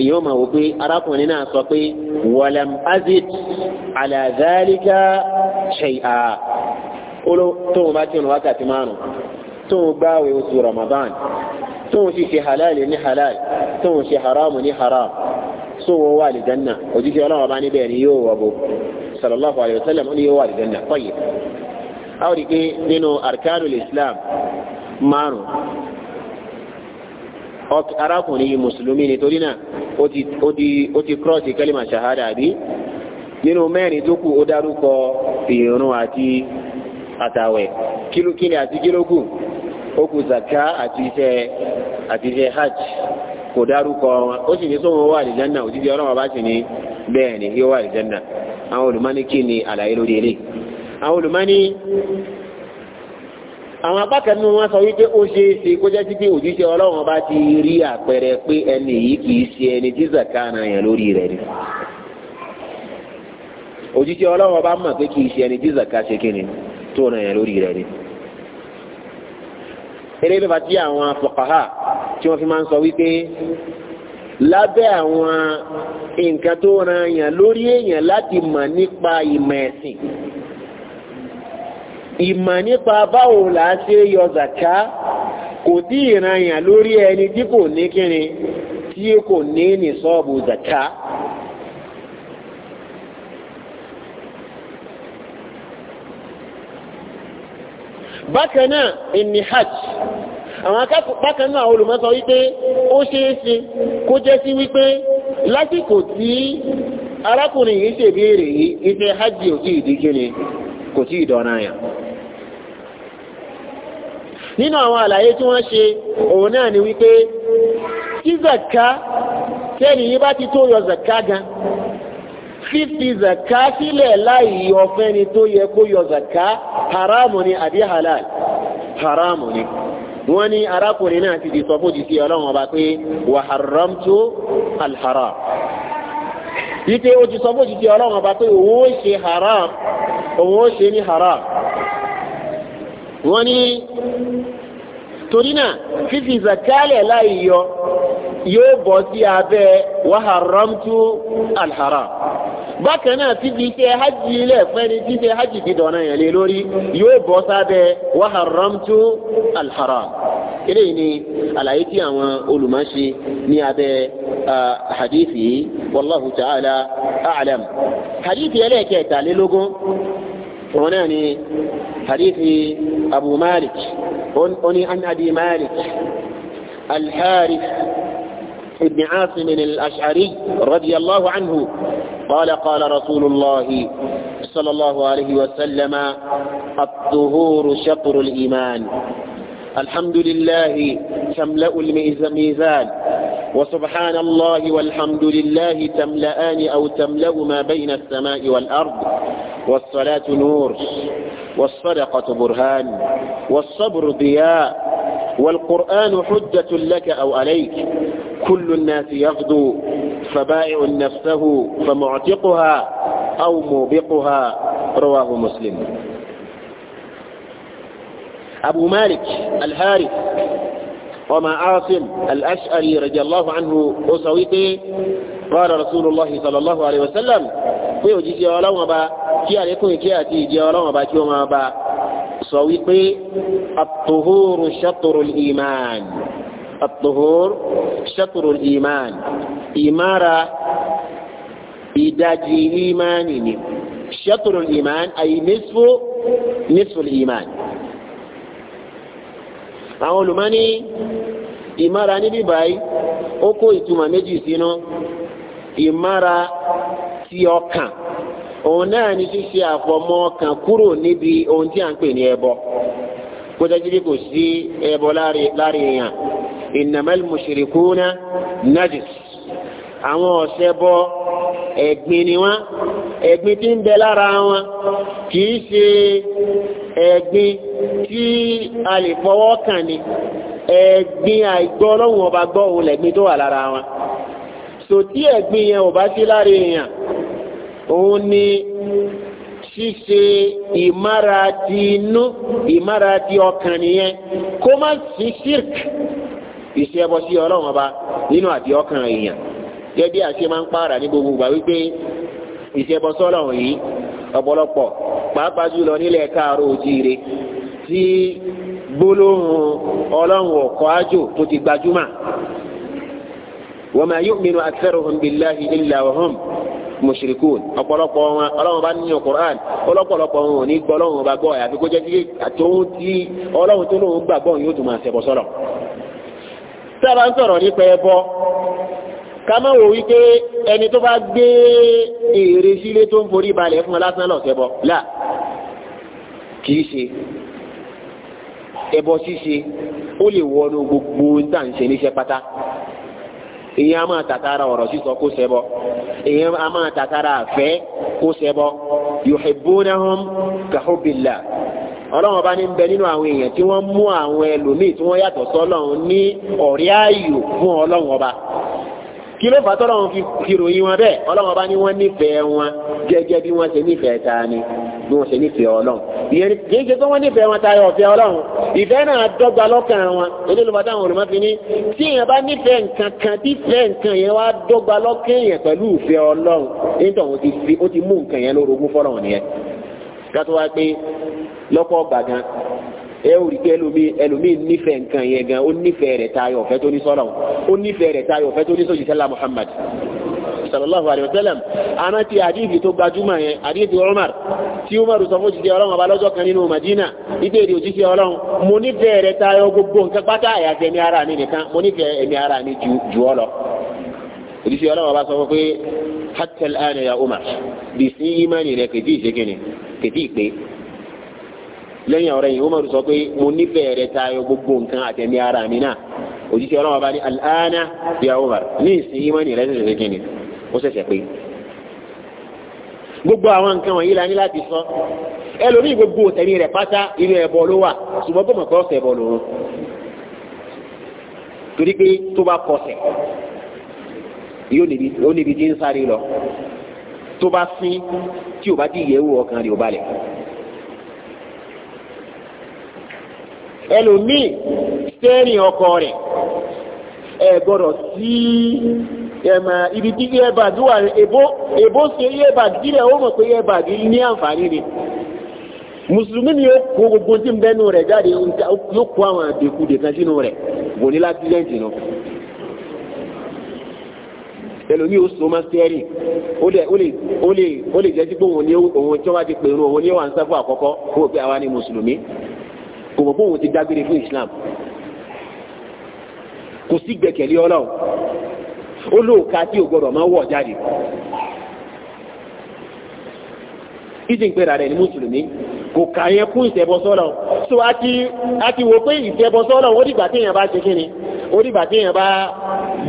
S1: èyí ó mọ̀ wò pé arákùnrin náà sọ pé walam azid ala dhalika shay'a tóun bá tẹnu wákàtí márùn tóun gbáwé oṣù Ramadan tóun sì ṣe halal ní halal tóun ṣe haram ní haram sówó wà àlìjánà òjijì ọlọ́run ọba níbẹ̀ ni yóò wọ̀ bó sallallahu alayhi wa sallam ó ní yóò wà àlìjánà tayyib. a ó rí i pé nínú arkanul islam márùn arákùnrin yìí mùsùlùmí nítorí náà ó ti kírọ́ọ̀sì kẹ́límà ṣàhádà àbí nínú mẹ́rin tó kù ó dárúkọ ìrun àti àtàwẹ̀ kílùkílì àti kílókù ó kù zaka hajj kò dárúkọ wọn ó sì ní sọ wọn wà àlìjánná òjijì ọlọ́wọ́n bá sì ní bẹ́ẹ̀ ni yóò wà àlìjánná àwọn kí ni àlàyé lórí ilé àwọn olùmọ́ni àwọn apákan wọn sọ wípé ó ṣe é ṣe kó jẹ́ sí pé òjijì bá ti rí àpẹẹrẹ zaka ṣe kí ni tó ni. eré ló bá tí àwọn fuqaha tí wọ́n fi máa ń sọ wípé lábẹ́ àwọn nǹkan tó ran èèyàn lórí èèyàn láti mọ̀ nípa ìmọ̀ ẹ̀sìn ìmọ̀ nípa báwo là á ṣe yọ zàká kò tí ì èèyàn lórí ẹni tí kò ní kíni tí kò ní ní sọ́ọ̀bù zàká bákan náà ìní hajj àwọn akẹ́kọ̀ọ́ bákan náà olùmọ́sọ wípé ó ṣeé ṣe kó jẹ́ sí wípé lásìkò tí arákùnrin yìí ṣe béèrè yìí iṣẹ́ hajj ò tí ì di kíni kò tí ì dọ̀nà nínú àwọn àlàyé tí wọ́n ṣe òun náà ni wípé tí zakka tẹ́ni yìí bá ti tó yọ zaka gan fífi zaka sílẹ̀ láì yọ fẹ́ni tó yẹ kó yọ zaka haramu ni àbí halal haramu ni wọ́n ní arákùnrin náà ti di sọ fún jìsí ọlọ́run ọba pé wà haramtu alharam wípé ó ti sọ fún jìsí ọlọ́run ọba pé òun ó ṣe haram òun ó ṣe ní haram wọ́n ní torí náà fífi zakalẹ̀ láì yọ yóò bọ́ sí abẹ́ wà haramtu alharam bákan náà ti di iṣẹ́ hajj ilẹ̀ pẹ́ni tí iṣẹ́ hajj ti dọ̀nà yẹn lé lórí yóò bọ́ sábẹ́ wa harramtu al-haram eléyìí ni àlàyé tí àwọn olùmọ̀ọ́ṣe ní abẹ́ hadithi wallahu ta'ala a'lam hadithi ẹlẹ́ẹ̀kẹtàlélógún òun náà ni hadithi abu malik ó an abi malik al بن عاصم الأشعري رضي الله عنه قال قال رسول الله صلى الله عليه وسلم الطهور شطر الإيمان الحمد لله تملأ الميزان وسبحان الله والحمد لله تملأان أو تملأ ما بين السماء والأرض والصلاة نور والصدقة برهان والصبر ضياء والقرآن حجة لك أو عليك كل الناس يغدو فبائع نفسه فمعتقها أو موبقها رواه مسلم أبو مالك الهارث وما عاصم الأشعري رضي الله عنه أسويته قال رسول الله صلى الله عليه وسلم في وجه ọlọ́wọ́n أبا kí àlékún ìkẹ́ àti ìjẹ́ أبا ba الطهور شطر الايمان at-tuhur shatrul iman ìmára ìdajì ìmánì ni shatrul iman ay nisfu nisful iman. àwọn olùmọ́ni ìmára níbí báyìí ó kó ìtumọ̀ méjì sínú ìmára ti ọkàn òun náà ni ṣíṣe àfọmọ ọkàn kúrò níbi ohun tí à ń pè ní ẹbọ kó jẹ́ jíjí kò sí ẹbọ láàrin èèyàn innamal mushrikuna najis àwọn ọ̀sẹ̀ bọ ẹ̀gbin ni wọ́n ẹ̀gbin tí ń bẹ lára wọn kìí ṣe ẹ̀gbin tí a lè fọwọ́ kàn ni ẹ̀gbin àìgbọ́ ọlọ́run ọba gbọ́ òun lẹ̀gbin tó wà lára wọn so tí ẹ̀gbin yẹn ò bá sí lára èèyàn òun ni ṣíṣe ìmára ti inú ìmára ti ọkàn nìyẹn kó má sí sírk iṣẹ́ bọ́ sí ọlọ́run ọba nínú àti ọkàn èèyàn gẹ́gẹ́ bí àṣẹ máa ń pààrà ní gbogbo ìgbà wípé iṣẹ́ bọ́ sọ́lọ́run yìí ọ̀pọ̀lọpọ̀ pàápàá jùlọ nílẹ̀ káàárọ̀ oòjíire tí gbólóhùn ọlọ́run ọ̀kọ́ ájò tó ti gbajúmọ̀ wa ma yu'minu aktharuhum billahi illa wa hum mushrikun ọ̀pọ̀lọpọ̀ wọn ọlọ́run bá nínú Qur'an ọlọ́pọ̀lọpọ̀ wọn ò ní gbọ́ ọlọ́run bá gbọ́ àyàfi kó jẹ́ kí àtòhun tí ọlọ́run tó lóun gbàgbọ́ yóò tún máa ṣẹbọ sọ́lọ̀ tábà ń sọ̀rọ̀ nípa ẹbọ ká má wò wípé ẹni tó bá gbé èrè sílé tó ń forí balẹ̀ fún lásán lọ̀sẹ̀ bọ̀ là kì í ṣe ẹbọ ṣíṣe ó lè wọnú gbogbo tá ń ṣe níṣẹ́ pátá èyí a máa tàtàrà ọ̀rọ̀ sísọ kó ṣẹbọ èyí a máa tàtàrà àfẹ́ kó ṣẹbọ yuhibbunahum ka ọlọ́run ọba ní bẹ nínú àwọn èèyàn tí wọ́n mú àwọn ẹlòmíì tí wọ́n yàtọ̀ sọ́lọ́run ní ọ̀rẹ́ ààyò fún ọlọ́run ọba kí ló fà tọ́lọ́run fi ròyìn wọn bẹ́ẹ̀ ọlọ́run ọba ní wọ́n nífẹ̀ẹ́ wọn gẹ́gẹ́ bí wọ́n ṣe nífẹ̀ẹ́ ta ni bí wọ́n ṣe nífẹ̀ẹ́ ọlọ́run ìyẹn kì í ṣe pé wọ́n nífẹ̀ẹ́ wọn tayọ ọ̀fẹ́ ọlọ́run ìfẹ́ náà dọ́gba lọ́kàn wọn èdè ló bá táwọn olùmọ́fi ní tí èèyàn bá nífẹ̀ẹ́ nǹkan kan tí fẹ́ nǹkan yẹn wá dọ́gba lọ́kàn èèyàn pẹ̀lú ìfẹ́ ọlọ́run nítorí ó ti mú nǹkan yẹn lórogún fọ́lọ́run nìyẹn kátó wá lọ́pọ̀ gbàgán ẹ ò rí pé ẹlòmíì ẹlòmíì nífẹ̀ẹ́ nǹkan yẹn gan ó nífẹ̀ẹ́ rẹ̀ tayọ ọ̀fẹ́ tó ní sọ́lọ̀ ó nífẹ̀ẹ́ rẹ̀ tayọ ọ̀fẹ́ tó ní sọ́jì sẹ́lá Muhammad sallallahu alayhi wa sallam àmọ́ ti àdíìsì tó gbajúmọ̀ yẹn àdíìsì Umar tí Umar sọ fún òjìṣẹ́ ọlọ́run ọba lọ́jọ́ kan nínú Madina nígbà èdè òjìṣẹ́ ọlọ́run mo nífẹ̀ẹ́ rẹ̀ tayọ gbogbo nǹkan pátá àyàfẹ́ mi ara mi nìkan mo nífẹ̀ẹ́ ẹ̀mí ara mi jù ọ lọ òjìṣẹ́ ọlọ́run ọba sọ fún pé hatta al Umar bìsí ìmánì rẹ̀ kìí ṣe kìíní kìí lẹ́yìn ọ̀rẹ́ yìí Umaru sọ pé mo nífẹ̀ẹ́ rẹ tayọ gbogbo nǹkan àtẹ̀mí ara mi náà òjíṣẹ́ ọlọ́wọ́ bá ní al'ana ya Umar ní ìsìn ìmọ̀ni rẹ ṣẹ̀ṣẹ̀ kí ni ó ṣẹ̀ṣẹ̀ pé gbogbo àwọn nǹkan wọ̀nyí la ní láti sọ ẹlòmíì gbogbo tẹ̀mí rẹ̀ pátá inú ẹ̀bọ ló wà ṣùgbọ́n bọ́mọ̀ kọ́ ọ̀sẹ̀ ẹ̀bọ lòun torí pé tó bá kọsẹ̀ yóò níbi tí ń sáré lọ tó bá sín tí ò bá ti ẹlòmíì stẹ́rìn ọkọ rẹ̀ ẹ gbọ́dọ̀ sí ẹ̀mà ibi tí earbag wà èbó ṣe earbag dílẹ̀ ó mọ̀ pé earbag ní àǹfààní ni mùsùlùmí ni ó kó gbogbo tí ń bẹ́nu rẹ̀ jáde yóò kó àwọn àdékùdé kan sínú rẹ̀ kò ní lákìlẹ́ǹtì náà ẹlòmí ó so máa sẹ́rìn ó lè ó lè ó lè jẹ́ sí pé òun ní òun tí wọ́n bá ti pè é òun ní wà ń sáfù àkọ́kọ́ kó o pé àwa ni mùsùlùmí kò mọ̀ pé òun ti dágbére fún islam kò sí gbẹ́kẹ̀lé ọlọ́run ó lóòka tí o gbọ́dọ̀ máa wọ̀ jáde ìdí ń pera rẹ̀ ní mùsùlùmí kò kà yẹn kún ìṣẹ̀bọsọ́lọ̀ so a ti a ti wò pé ìṣẹ̀bọsọ́lọ̀ ó dìgbà tí èèyàn bá ṣe kíni ó dìgbà tí èèyàn bá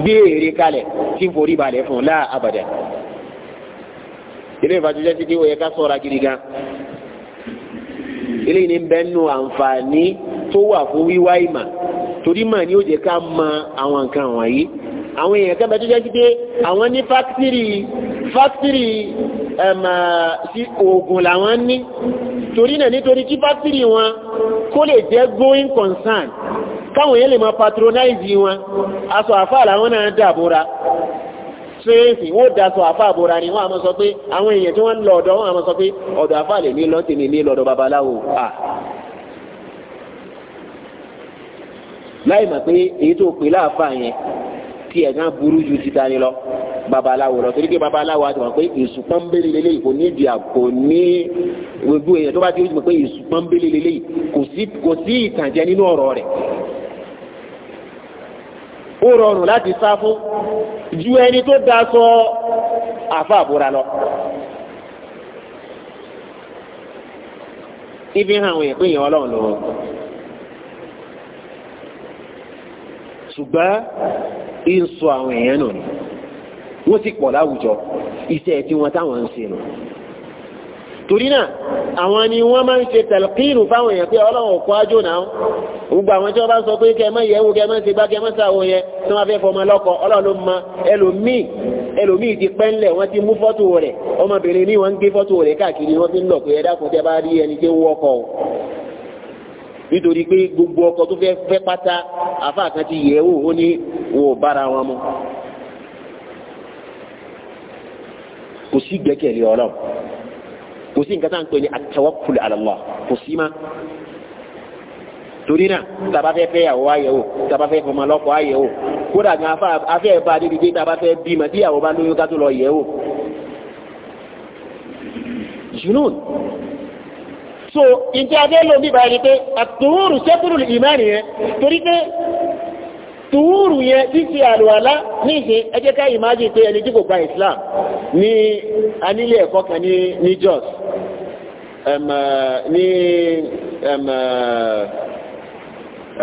S1: gbé èrè kalẹ̀ tí ń forí balẹ̀ fún láà abàdà ilé ìfàjọjẹ́ ti dé òye ká sọ́ra gidi gan eléyìí ní bẹ́ẹ̀ nù àǹfààní tó wà fún wíwá ìmà torí mà ní ó jẹ́ ká mọ àwọn nǹkan wọ̀nyí àwọn èèyàn kẹ́bẹ̀ tó jẹ́ sí pé àwọn ní fákítírì fákítírì sí oògùn làwọn ní torí náà nítorí kí fákítírì wọn kó lè jẹ́ going concern káwọn èèyàn lè mọ patronize wọn aṣọ àfáà làwọn náà dàbúra tírẹ́ǹsì wọ́n da sọ àfa àbúra ni wọ́n àmọ́ sọ pé àwọn èèyàn tí wọ́n ń lọ ọ̀dọ̀ wọ́n àmọ́ sọ pé ọ̀dọ̀ àfa lè ní lọ́tì ní ilé lọ́dọ̀ babaláwo à. láì mọ̀ pé èyí tó pè láàfà yẹn tí ẹ̀gán burú ju títa ni lọ babaláwo lọ torí pé babaláwo àti wọn pé èṣù pọ́nbélé lélẹ́yìí kò ní ìdí àpò ní gbogbo èèyàn tó bá ti rí pé èṣù pọ́nbélé lélẹ́yìí kò sí ìtànjẹ nínú ọ̀rọ̀ rẹ̀ ó rọrùn láti sá fún ju ẹni tó da sọ àfa àbúra lọ. ibi hàn wọ̀nyí pé èèyàn ọlọ́run lọ́wọ́. ṣùgbọ́n ń sọ àwọn èèyàn nù ni wọ́n ti pọ̀ láwùjọ iṣẹ́ tí wọ́n táwọn ń ṣe nù. No torí náà àwọn ni wọ́n máa ń ṣe tẹ̀lẹ̀kínù fáwọn èèyàn pé na kọ́ ájò náà gbogbo àwọn tí wọ́n bá sọ pé kẹ́ mọ́ ìyẹ́wò kẹ́ mọ́ ṣe gbá kẹ́ mọ́ ṣàwò yẹn tí wọ́n fẹ́ fọmọ lọ́kọ̀ ọlọ́run mọ ẹlòmíì ti pẹ́ ńlẹ̀ wọn ti mú fọ́tò rẹ̀ gbogbo kò sí nǹkan tá à ń pè ní at-tawakkul ala Allah kò sí ma torí náà taba fẹ́ fẹ́ yàwó ayẹwo taba fẹ́ fọmọ lọ́kọ ayẹwo kódà gan afẹ́ ba débi dé bímọ tí yàwó bá lóyún ká tó lọ yẹwo junun so njẹ́ adé lómi báyìí ni pé àtòwòrò sẹ́kùrù ìmánì yẹn torí pé. Tuhuru yẹn títí àlùwàlá ní ìsìn ẹ jẹ́ ká ìmájì pé ẹni tí kò gba Islam ní anílé ẹ̀kọ́ kan ní ní Jos um, uh, ní um, uh,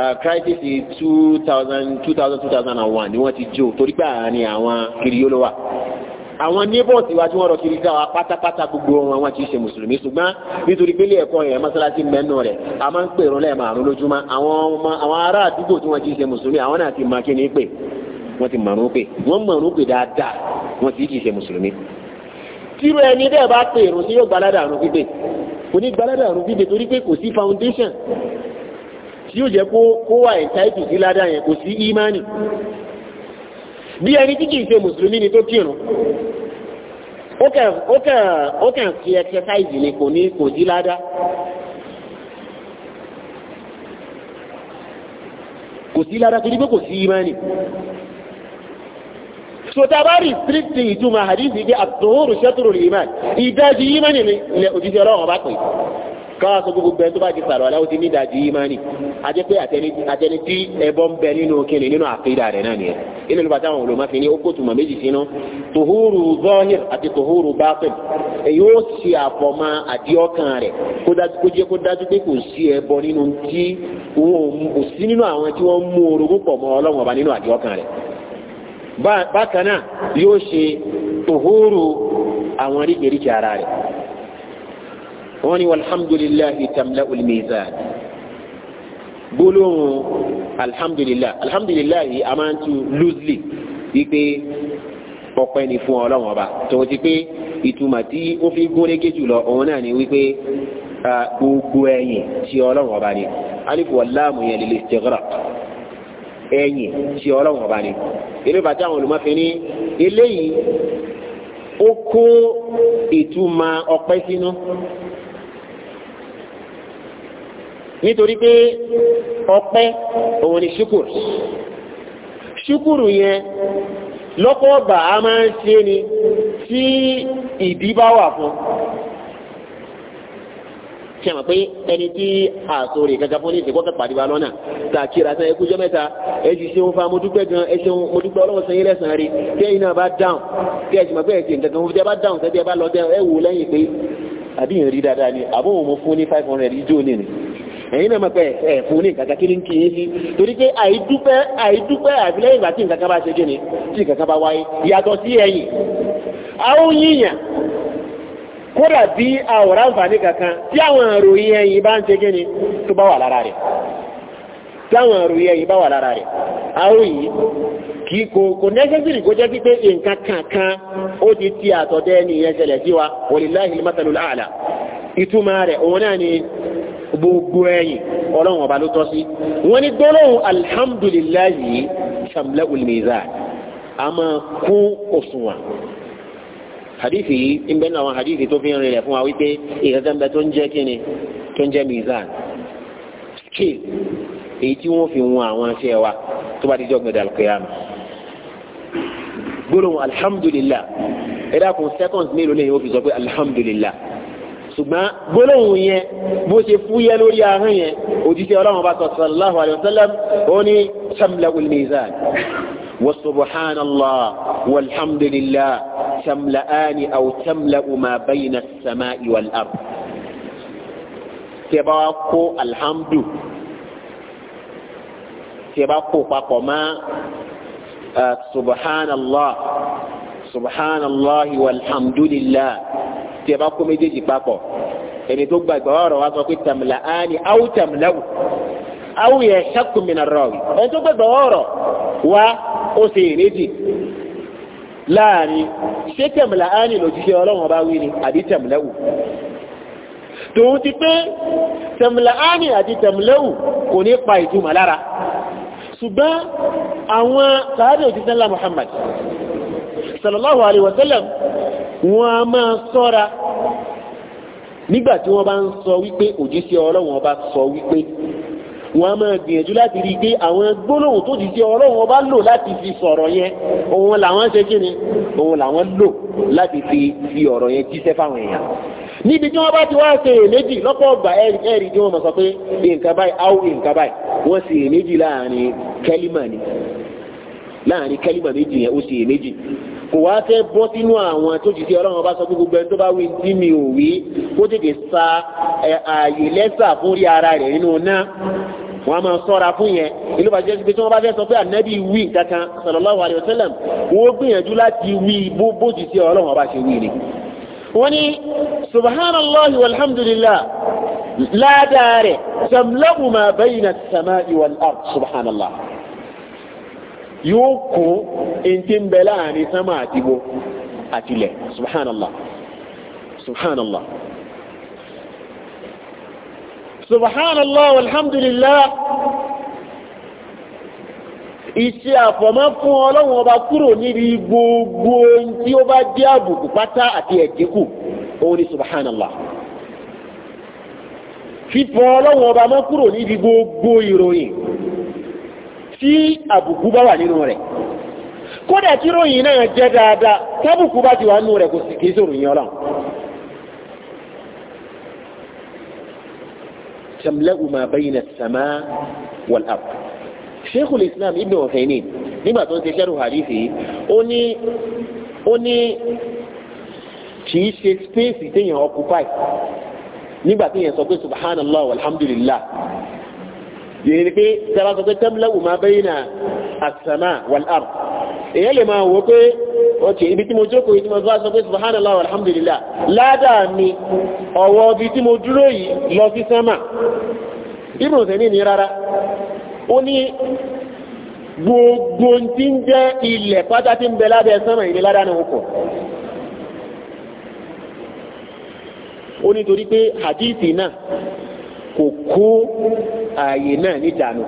S1: uh, crisis two thousand two thousand two thousand and one ni wọ́n ti jó torí pé àárín àwọn kiri yóò lọ wà àwọn neighbors wa tí wọ́n rọ kiri ká wa pátápátá gbogbo wọn wọn ti ṣe mùsùlùmí ṣùgbọ́n nítorí pé ilé ẹ̀kọ́ yẹn mọ́sálásí mẹ́nu rẹ̀ a máa ń pè rún lẹ́ẹ̀ márùn lójúmọ́ àwọn ọmọ àwọn ará àdúgbò tí wọ́n ti ṣe mùsùlùmí àwọn náà ti máa kíni pè wọ́n ti mọ̀rún pè wọ́n mọ̀rún pè dáadáa wọ́n ti ṣe mùsùlùmí. tírú ẹni bẹ́ẹ̀ bá pè rún sí yóò gbalada àrùn gbígbé kò ní gbalada àrùn gbígbé torí pé kò sí foundation tí yóò jẹ́ kó wà ẹ̀ńtáìtì sí ládàá yẹn kò sí ímánì bí ẹni tí kìí ṣe mùsùlùmí ni tó kírun ó kàn ó kàn ó kàn fi exercise ni kò ní kò dí ládá kò sí ládá torí pé kò sí imani so ta bá rí strictly ìtumọ̀ hadithi jẹ́ àtòhóró ṣẹ́tòrò ìmán ìdájí imani ni òjíṣẹ́ ọlọ́run ọba pè é káwá sọ gbogbo bẹ́ẹ̀ tó bá di sàrọ̀ aláwọ̀ ti ní ìdajì ìmánì àti pé àtẹni tí ẹbọ ń bẹ nínú kíni nínú àkídà rẹ̀ náà nìyẹn ilé ìlú bàtà àwọn olùmọ̀fin ní ó kó tùmọ̀ méjì sínú tòhúrù zọ́hìr àti tòhúrù bátin èyí ó ṣe àfọ̀mọ́ àdíọ́kàn rẹ̀ kó jẹ́ kó dájú pé kò sí ẹbọ nínú tí kò sí nínú àwọn tí wọ́n mú orogún pọ̀ mọ́ ọlọ́wọ̀n wọ́n ní alhamdulilayi tamla olùmíìsàn gbólóhùn alhamdulilayi alhamdulilayi a máa ń tu loosely wípé ọpẹ́ ni fún Ọlọ́run ọba tòun ti pé ìtumọ̀ tí ó fi gúnrégé jùlọ òun náà ni wípé gbogbo ẹ̀yìn tí Ọlọ́run ọba ni alifu aláàmù yẹn lè ṣèkọrọ ẹ̀yìn tí Ọlọ́run ọba ni eré bàtà àwọn olùmọ̀fin ní eléyìí ó kó ìtumọ̀ ọpẹ́ sínú nítorí pé ọpẹ́ òun ni ṣúkùrù ṣúkùrù yẹn lọ́pọ̀ ọgbà a máa ń ṣe ni tí ìdí bá wà fún ṣe mọ̀ pé ẹni tí àtò rè gẹ́gẹ́ fún ní ìsìnkú ọ̀kẹ́ pàdé wa lọ́nà ta kíra sàn ẹkú jẹ́ mẹ́ta ẹjú ṣe ń fa mo dúpẹ́ gan ẹṣẹ́ mo dúpẹ́ ọlọ́run sẹ́yìn lẹ́sàn-án rí tí ẹ̀yin náà bá dáhùn tí ẹ̀jì mọ̀ pé ẹ̀jì nǹkan fún bá dáhùn sẹ́bí ẹ bá lọ ni five hundred ijó ni ẹ̀yin náà mọ̀ pé ẹ̀ fún ní nǹkan kí ní kí yín sí torí pé àìdúpẹ́ àìdúpẹ́ àbílẹ̀ ìgbà tí nǹkan kan bá ṣe kí ni tí nǹkan kan bá wáyé yàtọ̀ sí ẹ̀yìn àwọn yíyàn kódà bí àwòrán àǹfààní kankan tí àwọn ìròyìn ẹ̀yìn bá ń ṣe kí ni tó bá wà lára rẹ̀ táwọn kò nẹ́sẹ̀sìrì kó jẹ́ pípé nǹkan kankan ó ti ti àtọ̀dẹ́ ní ìyẹn ṣẹlẹ̀ sí wa, walillahi al-mathalul a'la. Ìtumọ̀ rẹ̀ òun náà ni gbogbo ẹ̀yìn ọlọ́run ọba ló tọ́ sí. wọ́n ní gbólóhùn alhamdulillahi shamla ulmiza a máa kún òṣùwọ̀n. hadithi yìí ń bẹ́ẹ̀ náà àwọn hadithi tó fi ń rinlẹ̀ fún wa wípé ìrẹ́sẹ̀ ń bẹ tó ń jẹ́ kíni tó ń jẹ́ mizan scale èyí tí wọ́n fi wọn àwọn aṣẹ́ wa tó bá ti jọ́ gbẹ̀dẹ̀ alukiyama. gbólóhùn alhamdulillah ẹ̀dá kun seconds mélòó lẹ́yìn ó fi sọ pé alhamdulillah. ṣùgbọ́n gbólóhùn yẹn bó ṣe fúyẹ́ lórí ahọ́n yẹn òjíṣẹ́ ọlọ́run bá sọ̀tọ̀ alaihi wasallam ó ní shamla'ul ulmizan wa subhanallah walhamdulillah shamla'ani aw shamla'u ma bayna as-sama'i wal ard tẹ́ bá kó alhamdu tẹ́ bá kó papọ̀ mọ́ subhanallah subhanallah walhamdulillah. tí ẹ bá kó méjèèjì papọ̀ ẹni tó gba ìgbà ọ̀rọ̀ wa sọ pé tàmìlà áni áwù tàmìlà wù áwù yẹ ṣàkùnmìnà rọ̀wì ẹni tó gba ìgbà ọ̀rọ̀ wa ó ṣe ìrèjì láàrin ṣé tàmìlà áni lòjíṣẹ́ ọlọ́run ọba wí ni àbí tàmìlà wù tòun ti pé tàmìlà áni àti tàmìlà wù kò ní pa ìtumọ̀ lára ṣùgbọ́n àwọn sàádé òjíṣẹ́ ńlá Muhammad sallallahu alayhi wa sallam wọ́n a máa sọ́ra nígbà tí wọ́n bá ń sọ wípé òjíṣẹ́ ọlọ́run ọba sọ wípé wọ́n a máa gbìyànjú láti rí pé àwọn gbólóhùn tó jíṣẹ́ ọlọ́run ọba lò láti fi sọ̀rọ̀ yẹn òun làwọn ṣe kí ni òun làwọn lò láti fi fi ọ̀rọ̀ yẹn jíṣẹ́ fáwọn èèyàn níbi tí wọ́n bá ti wá ṣe èméjì lọ́pọ̀ ọgbà ẹ̀rí tí wọ́n mọ̀ sọ pé nǹkan báyìí áwò nǹkan báyìí wọ́n ṣe èméjì láàrin kẹ́límà ni láàrin kẹ́límà méjì yẹn ó ṣe èméjì kò wá fẹ́ bọ́ sínú àwọn tó ti ṣe ọlọ́run bá sọ pé gbogbo ẹni tó bá wí ní mi ò wí kó tètè sa ààyè lẹ́sà fún rí ara rẹ̀ nínú náà wọn máa sọ́ra fún yẹn ìlú bàjẹ́ pé tí wọ́n bá fẹ́ sọ pé ànábì wí kankan sallallahu alayhi wọ́n gbìyànjú láti wí bójú sí ọlọ́run ọba ṣe wí ni. wọ́n ní subhanallah walhamdulillah ládàá rẹ̀ sàmlẹ́kùn máa bayna as-sama'i wal subhanallah yóò kó ntí ń bẹ láàrin sánmà àtìgbò àtìlẹ̀ subhanallah subhanallah subhanallah alhamdulillah iṣẹ́ àfọ̀mọ́ fún ọlọ́run ọba kúrò níbi gbogbo tí ó bá jẹ́ àbùkù pátá àti ẹ̀jẹ̀kù òun ni subhanallah fífọ̀ ọlọ́run ọba mọ́ kúrò níbi gbogbo ìròyìn tí àbùkù bá wà nínú rẹ̀ kódà tí ròyìn náà jẹ́ dáadáa tábùkù bá ti wà nínú rẹ̀ kò sì kìí sòrò yín ọlọ́run tamla'u ma bayna as-samaa wal-ard sheikhul islam ibn Uthaymeen nígbà tó ń ṣe sẹ́rù hadithi ó ní ó ní ṣe spéèsì téèyàn occupy nígbà téèyàn sọ pé subhanallah walhamdulillah yìí ni pé tẹ́lá sọ pé tẹ́mlẹ́wù máa bẹ́yìn náà àsàmà wàl'ar èyẹ́ lè máa wò pé ok ibi tí mo jókòó yìí tí mo bá sọ pé subhanallah alhamdulillah ládàá mi ọ̀wọ́ ibi tí mo dúró yìí lọ sí sánmà ibùn sẹ́ni ni ó ní gbogbo tí ń jẹ́ ilẹ̀ pátá tí ń bẹ lábẹ́ sánmà ìdí ládàá náà kọ̀ ó nítorí pé hadith náà kò kó ààyè náà ní ìdànù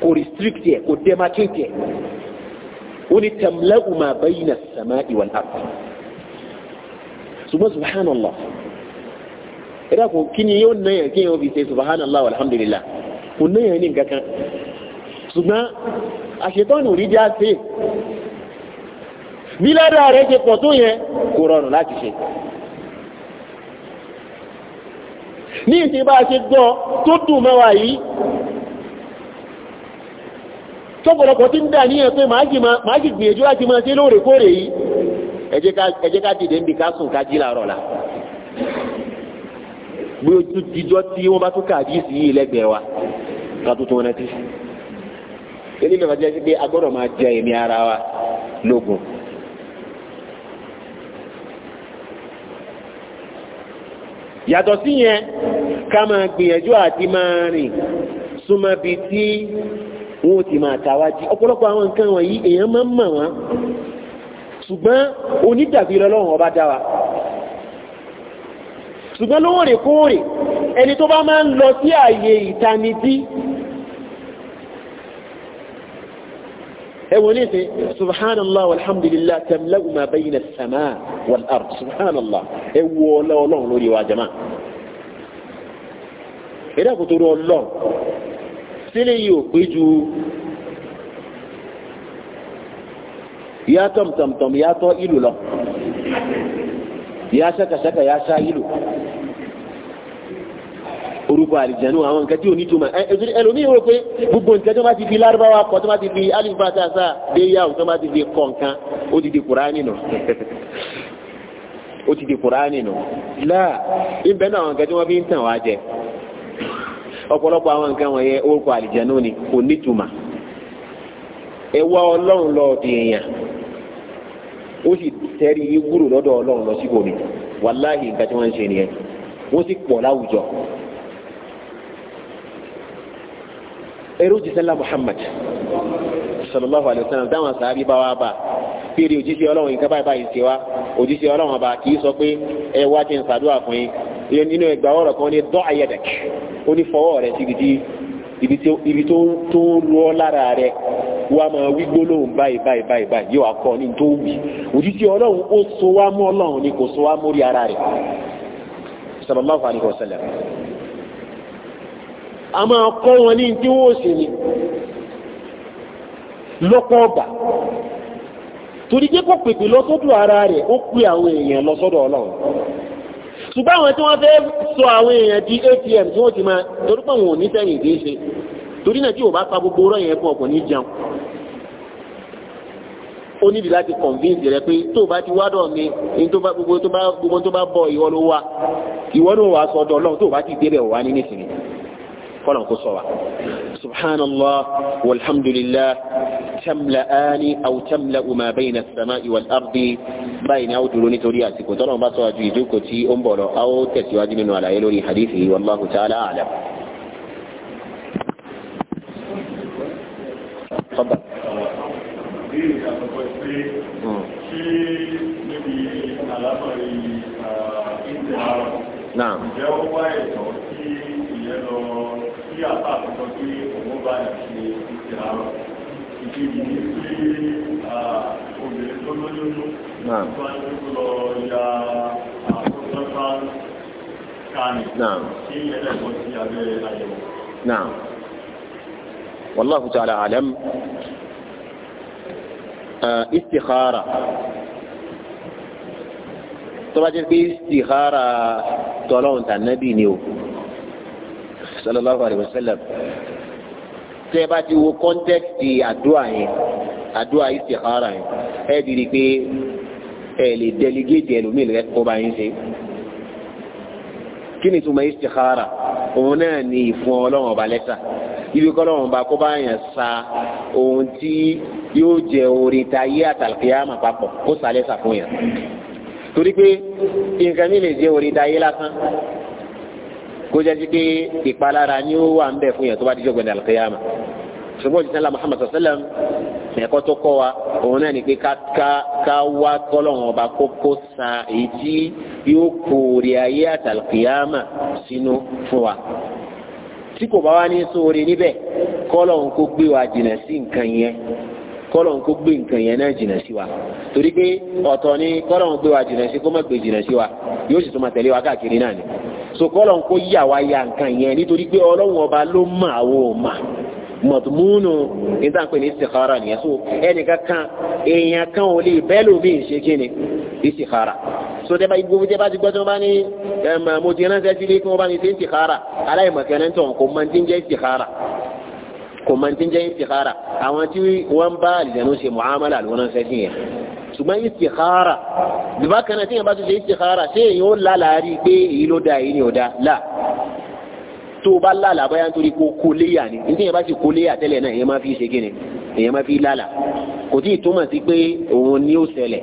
S1: kò restrict yẹ kò demarcate yẹ ó ní tamla'u ma bayna as-sama'i wal-ard ṣùgbọ́n subhanallah ẹ̀dá kò kí ni yóò náyà kí yóò fi ṣe subhanallah walhamdulillah kò náyà ní nǹkan kan ṣùgbọ́n àṣetọ́nù rí já sí bí ládàá rẹ̀ ṣe pọ̀ tó yẹn kò rọrùn láti ṣe ní ìsìn bá ṣe gbọ́ tó dùn mẹ́wàá yìí tọ́pọ̀lọpọ̀ tí ń dà ní ẹ̀pẹ́ máa jì gbìyànjú láti máa ṣe lóòrèkóòrè yìí ẹ ká dìde ń la bí tún tí wọ́n bá tún káàdì sí yìí wa ká tó tún wọn náà ti. yàtọ̀ sí yẹn ká máa gbìyànjú àti máa rìn súnmọ́ bíi tí wọn ò ti máa tàwájú ọ̀pọ̀lọpọ̀ àwọn nǹkan wọ̀nyí èèyàn máa ń mọ̀ wọ́n ṣùgbọ́n onídàbí lọ́lọ́run ọba dá ṣùgbọ́n lóòrèkóòrè ẹni tó bá máa ń lọ sí ààyè ìtanijí أوليس سبحان الله والحمد لله تملأ ما بين السماء والأرض سبحان الله أول إيوه، الله نوري واجمع إذا قطر الله سليو قجو يا تم تم تم يا طائل الله يا شك شك يا شائل الله orúkọ àlìjẹ̀nù àwọn nǹkan tí ò ní túmọ̀ ẹlòmíì rò pé gbogbo nǹkan tó ti fi lárúbáwá kọ tó bá ti fi alifasasa dé yahoo tó bá ti fi kọ nǹkan ó ti di kùránì nù ti di kùránì nù láà ibẹ̀ náà àwọn nǹkan tí wọ́n fi ń tàn wá jẹ ọ̀pọ̀lọpọ̀ àwọn nǹkan wọ̀nyẹn orúkọ ni kò ní ọlọ́run lọ di èèyàn ó sì tẹ́rí lọ́dọ̀ ọlọ́run lọ pọ̀ ẹrú jisẹ́lá Muhammad sallallahu alayhi wa sallam dáhùn sáábì bá wa bá fèrè òjíṣẹ́ ọlọ́run yìí kábàáyé báyìí ṣe wá òjíṣẹ́ ọlọ́run ọba kì í sọ pé ẹ wá kí n ṣàdúrà fún yín nínú ẹgbàá ọ̀rọ̀ kan ní dọ́ ayẹ̀dẹ̀k ó ní fọwọ́ rẹ sí ibi tó ń lọ lára rẹ wá máa wí gbólóhùn báyìí báyìí báyìí yóò a máa kọ́ wọn ní tí wọ́n sì ní lọ́pọ̀ ọgbà torí jẹ́ kó pèpè lọ sọ́dọ̀ ara rẹ̀ ó pè àwọn èèyàn lọ sọ́dọ̀ ọlọ́run ṣùgbọ́n àwọn tí wọ́n fẹ́ sọ àwọn èèyàn di atm tí wọ́n ti máa torí pé wọn ò ní sẹ́yìn kì í ṣe torí náà tí ò bá pa gbogbo ọ̀rọ̀ yẹn fún ọkùnrin jẹun ó níbi láti convince rẹ pé tó o bá ti wádọ̀ mi gbogbo tó bá bọ̀ ìwọ ló wà ìwọ ló wà sọ́dọ̀ ọlọ́run tó bá ti débẹ̀ wà ní nísìnyí قلنا قصوا سبحان الله والحمد لله تملأان أو تملأ ما بين السماء والأرض بين أوجلوني ترياتك وترى ما سواجدوك تي أمبرو أو تسواج من ولا يلوني حديثه والله تعالى أعلم
S2: تفضل نعم, نعم. àpá àkọ́kọ́ tí òun bá ṣe ìṣe àárọ̀ ìdí ìdí sí obìnrin tó lóyún tó bá ń tó lọ ya àkókò bá ń ẹlẹ́gbọ́n sí abẹ́ àyẹ̀wò.
S1: والله تعالى أعلم استخارة tó bá jẹ́ pé istikhara tọ́lọ́hùn tà nábì sallallahu alayhi wa sallam tẹ́ ẹ bá ti wo kọ́ńtẹ́kìtì àdúrà yẹn àdúrà istikhara yẹn ẹ ti rí i pé ẹ lè dẹligéètì ẹlòmíì rẹ kó bá yín ṣe kí ni túmọ̀ istikhara òun náà ni ìfún ọlọ́run ọba lẹ́tà ibi kọ́ ọba kó bá yàn sa ohun tí yóò jẹ orin tayé àtàlùkìyàmà papọ̀ kó sa lẹ́tà fún yàn torí pé nǹkan mi lè jẹ orin tayé lásán kó jẹ́ pé ìpalára ni ó wà ń bẹ̀ fún yẹn tó bá di jọ́gbẹ̀dẹ̀ àlùkìyàmà ṣùgbọ́n òjì sẹ́la muhammad sallam ẹ̀kọ́ tó wa òun náà ni pé ká ká ká wá tọ́lọ́wọ́n ọba kókó san èyí tí yóò kórè ayé àtàlùkìyàmà sínú fún wa tí kò bá wá ní sóore níbẹ̀ kọ́lọ́hún kó gbé wa jìnà sí nǹkan yẹn kọ́lọ́hún kó gbé nǹkan yẹn náà jìnà sí wa torí pé ọ̀tọ̀ ni kọ́lọ́hún gbé wa jìnà sí kó má gbé jìnà sí wa yóò sì tún máa tẹ̀lé wa káàkiri náà ni sokọlọ ń kó yà wá ya nǹkan yẹn nítorí pé ọlọ́run ọba ló mọ̀ àwọn ò mà mọ̀tòmúnù níta pé ní istikhara nìyẹn so ẹnìkan kan èèyàn kan ò lè bẹ́ẹ̀ lómi ìṣe kíni istikhara so tẹ́ bá gbogbo tẹ́ bá ti gbọ́ tí wọ́n bá ní mo ti ránṣẹ́ sílé kí wọ́n bá ní ṣe istikhara aláìmọ̀kẹ́rẹ́ ń tàn kò mọ ti ń jẹ́ istikhara kò mọ ti ń jẹ́ istikhara àwọn tí wọ́n bá àlìjẹ́nu muamala ló ránṣẹ́ sí ṣùgbọ́n istikhara bíbá kan náà tí yẹn bá tún ṣe istikhara ṣé èyí ó lálàárí pé èyí ló da èyí ni ò da là tó o bá lálà báyà nítorí kó kó léyà ni ní tí yẹn bá ti kó léyà tẹ́lẹ̀ náà èyàn máa fi ṣe kí ni èyàn máa fi lálà kò tí ì túmọ̀ sí pé òun ni ó ṣẹlẹ̀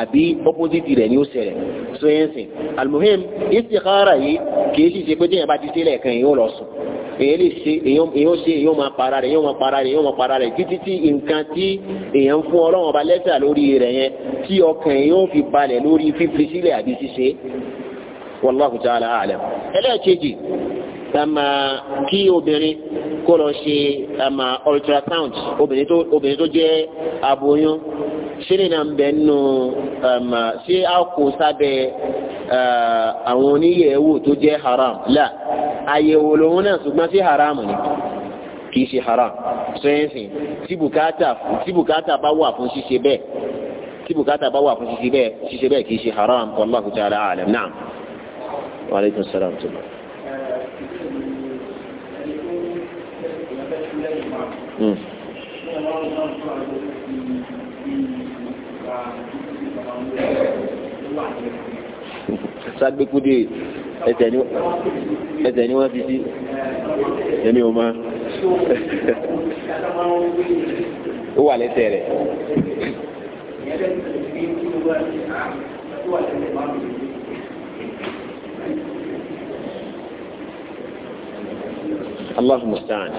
S1: àbí opposite rẹ̀ ni ó ṣẹlẹ̀ so yẹn sìn almuhim istikhara yìí kì í sì ṣe pé tí bá ti ṣe lẹ́ẹ̀kan yìí ó lọ sùn èyàn lè ṣe èyàn ṣe èyàn máa para rẹ̀ èyàn máa para rẹ̀ èyàn máa para rẹ̀ títí tí nǹkan tí èyàn fún ọlọ́run ọba lẹ́sà lórí rẹ̀ yẹn tí ọkàn èyàn fi balẹ̀ lórí fífi sílẹ̀ àbí ṣíṣe wallahu ta'ala a'lam ẹlẹ́ẹ̀kejì ama kí obìnrin kó lọ ṣe ama ultrasound obìnrin tó obìnrin tó jẹ́ aboyún ṣílẹ̀ náà ń bẹ nínú ama ṣé a kò sábẹ́ àwọn oníyẹ̀wò tó jẹ́ haram la àyẹ̀wò lòun náà ṣùgbọ́n sí haram ni kì í ṣe haram sẹ́yìnsì tí bùkátà tí bùkátà bá wà fún ṣíṣe bẹ́ẹ̀ tí bukata bá wà fún ṣíṣe bẹ́ẹ̀ ṣíṣe bẹ́ẹ̀ kì í ṣe haram wallahu ta'ala a'lam na'am wa alaykum salaam
S2: sagbekude
S1: ẹsẹ̀ ni ẹsẹ̀ ni wọ́n fi sí ẹni o máa
S2: ó wà lẹ́sẹ̀ rẹ̀
S1: Allahumma sàn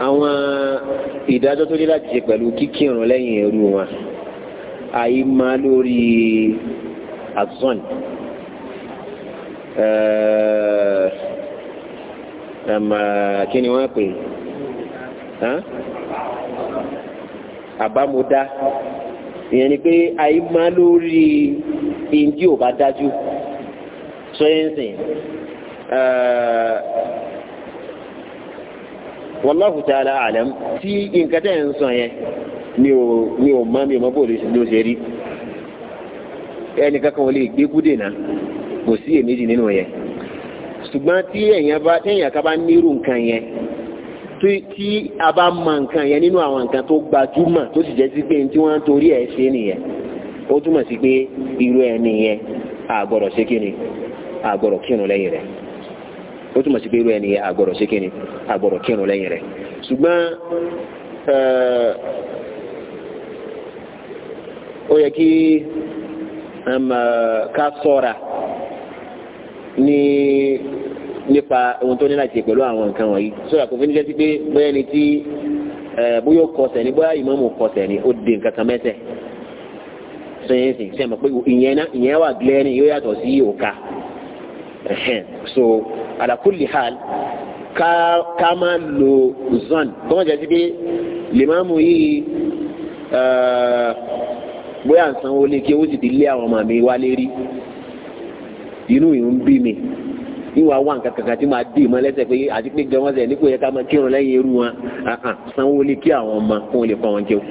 S1: àwọn ìdájọ́ tó dé láti ṣe pẹ̀lú kíkírun lẹ́yìn ẹrú wọn àyè máa lórí azọ́n kí ni wọ́n pè àbámúdá ìyẹn ni pé àyè máa lórí ìdí ò bá dájú sọ́yẹ́nsìn. wallahu ta'ala alam tí nǹkan tẹ̀ ń sọ yẹn mi mi ò mi o mọ bó ló ṣe rí ẹnì kankan ò lè gbé kú dènà kò sí èméjì nínú yẹn ba a ba mọ nǹkan yẹn nínú àwọn nǹkan tó gbajúmọ̀ tó sì jẹ́ sí pé tí wọ́n ń torí ẹ̀ ṣe ni ó túmọ̀ sí pé irú ẹni àgbọ̀rọ̀ ṣe kíni àgbọ̀rọ̀ kírun lẹ́yìn rẹ̀ ṣùgbọ́n eh, ó yẹ kí um, ká sọ́ra ní nípa ohun tó ní láti ṣe pẹ̀lú àwọn nǹkan wọ̀nyí sọ́ra kò fi ní jẹ́ sí pé bóyá ẹni tí eh, bóyá ó kọsẹ̀ ni bóyá ìmáàmù kọsẹ̀ ni ó di nǹkan kan mẹ́sẹ̀ sẹ́yìn sìn sẹ́yìn mọ̀ pé ìyẹn wà gílẹ́rìn yóò yàtọ̀ sí òka so ala kulli hal ká ká máa lo zon kọ́mọ jẹ́ sí pé lèmáàmù yìí eh, bóyá nsanwó lé kí owó sì ti lé àwọn ọmọ mi wálé rí inú yìí ń bí mi ìwà wà nǹkan kankan tí máa dì mọ́ lẹ́sẹ̀ pé àti pé gan wọ́n sẹ̀ ní kò yẹ ká máa kírun lẹ́yìn irú wọn sanwó lé kí àwọn ọmọ kó lè kọ́ wọn jẹun.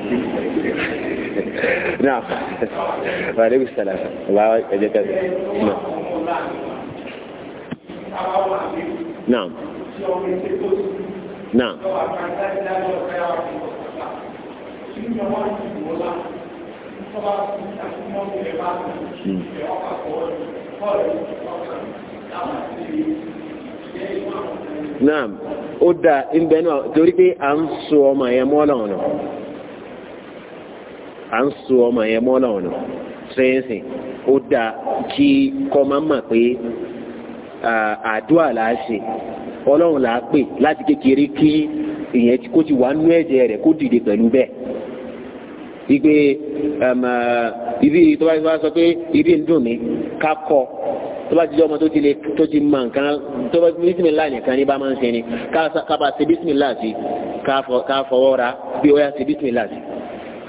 S1: náà wàlẹ́ bí sàlàyé wàá ẹ̀jẹ̀ kẹsàn-án. Naam. Naam. Naam. Ó dáa ìgbẹ́ náà torí pé à ń so ọmọ yẹn mọ́ lọ́wọ́ náà. À ń so ọmọ yẹn mọ́ lọ́wọ́ náà. Ṣé é sìn? Ó dáa kí kọ́ àdúrà là á ṣe ọlọ́run là á pè láti kékeré kí ìyẹn kó ti wà nú ẹ̀jẹ̀ rẹ̀ kó dìde pẹ̀lú bẹ́ẹ̀ igbe ibi tó bá sọ pé ibi ń dùn mí ká kọ tó bá ti jẹ́ ọmọ tó ti lè tó ti mọ nǹkan tó bá bísímìlá nìkan ní bá máa ń ṣe ni ká ṣe bísímìlá sí ká ra bí ó yá ṣe bísímìlá sí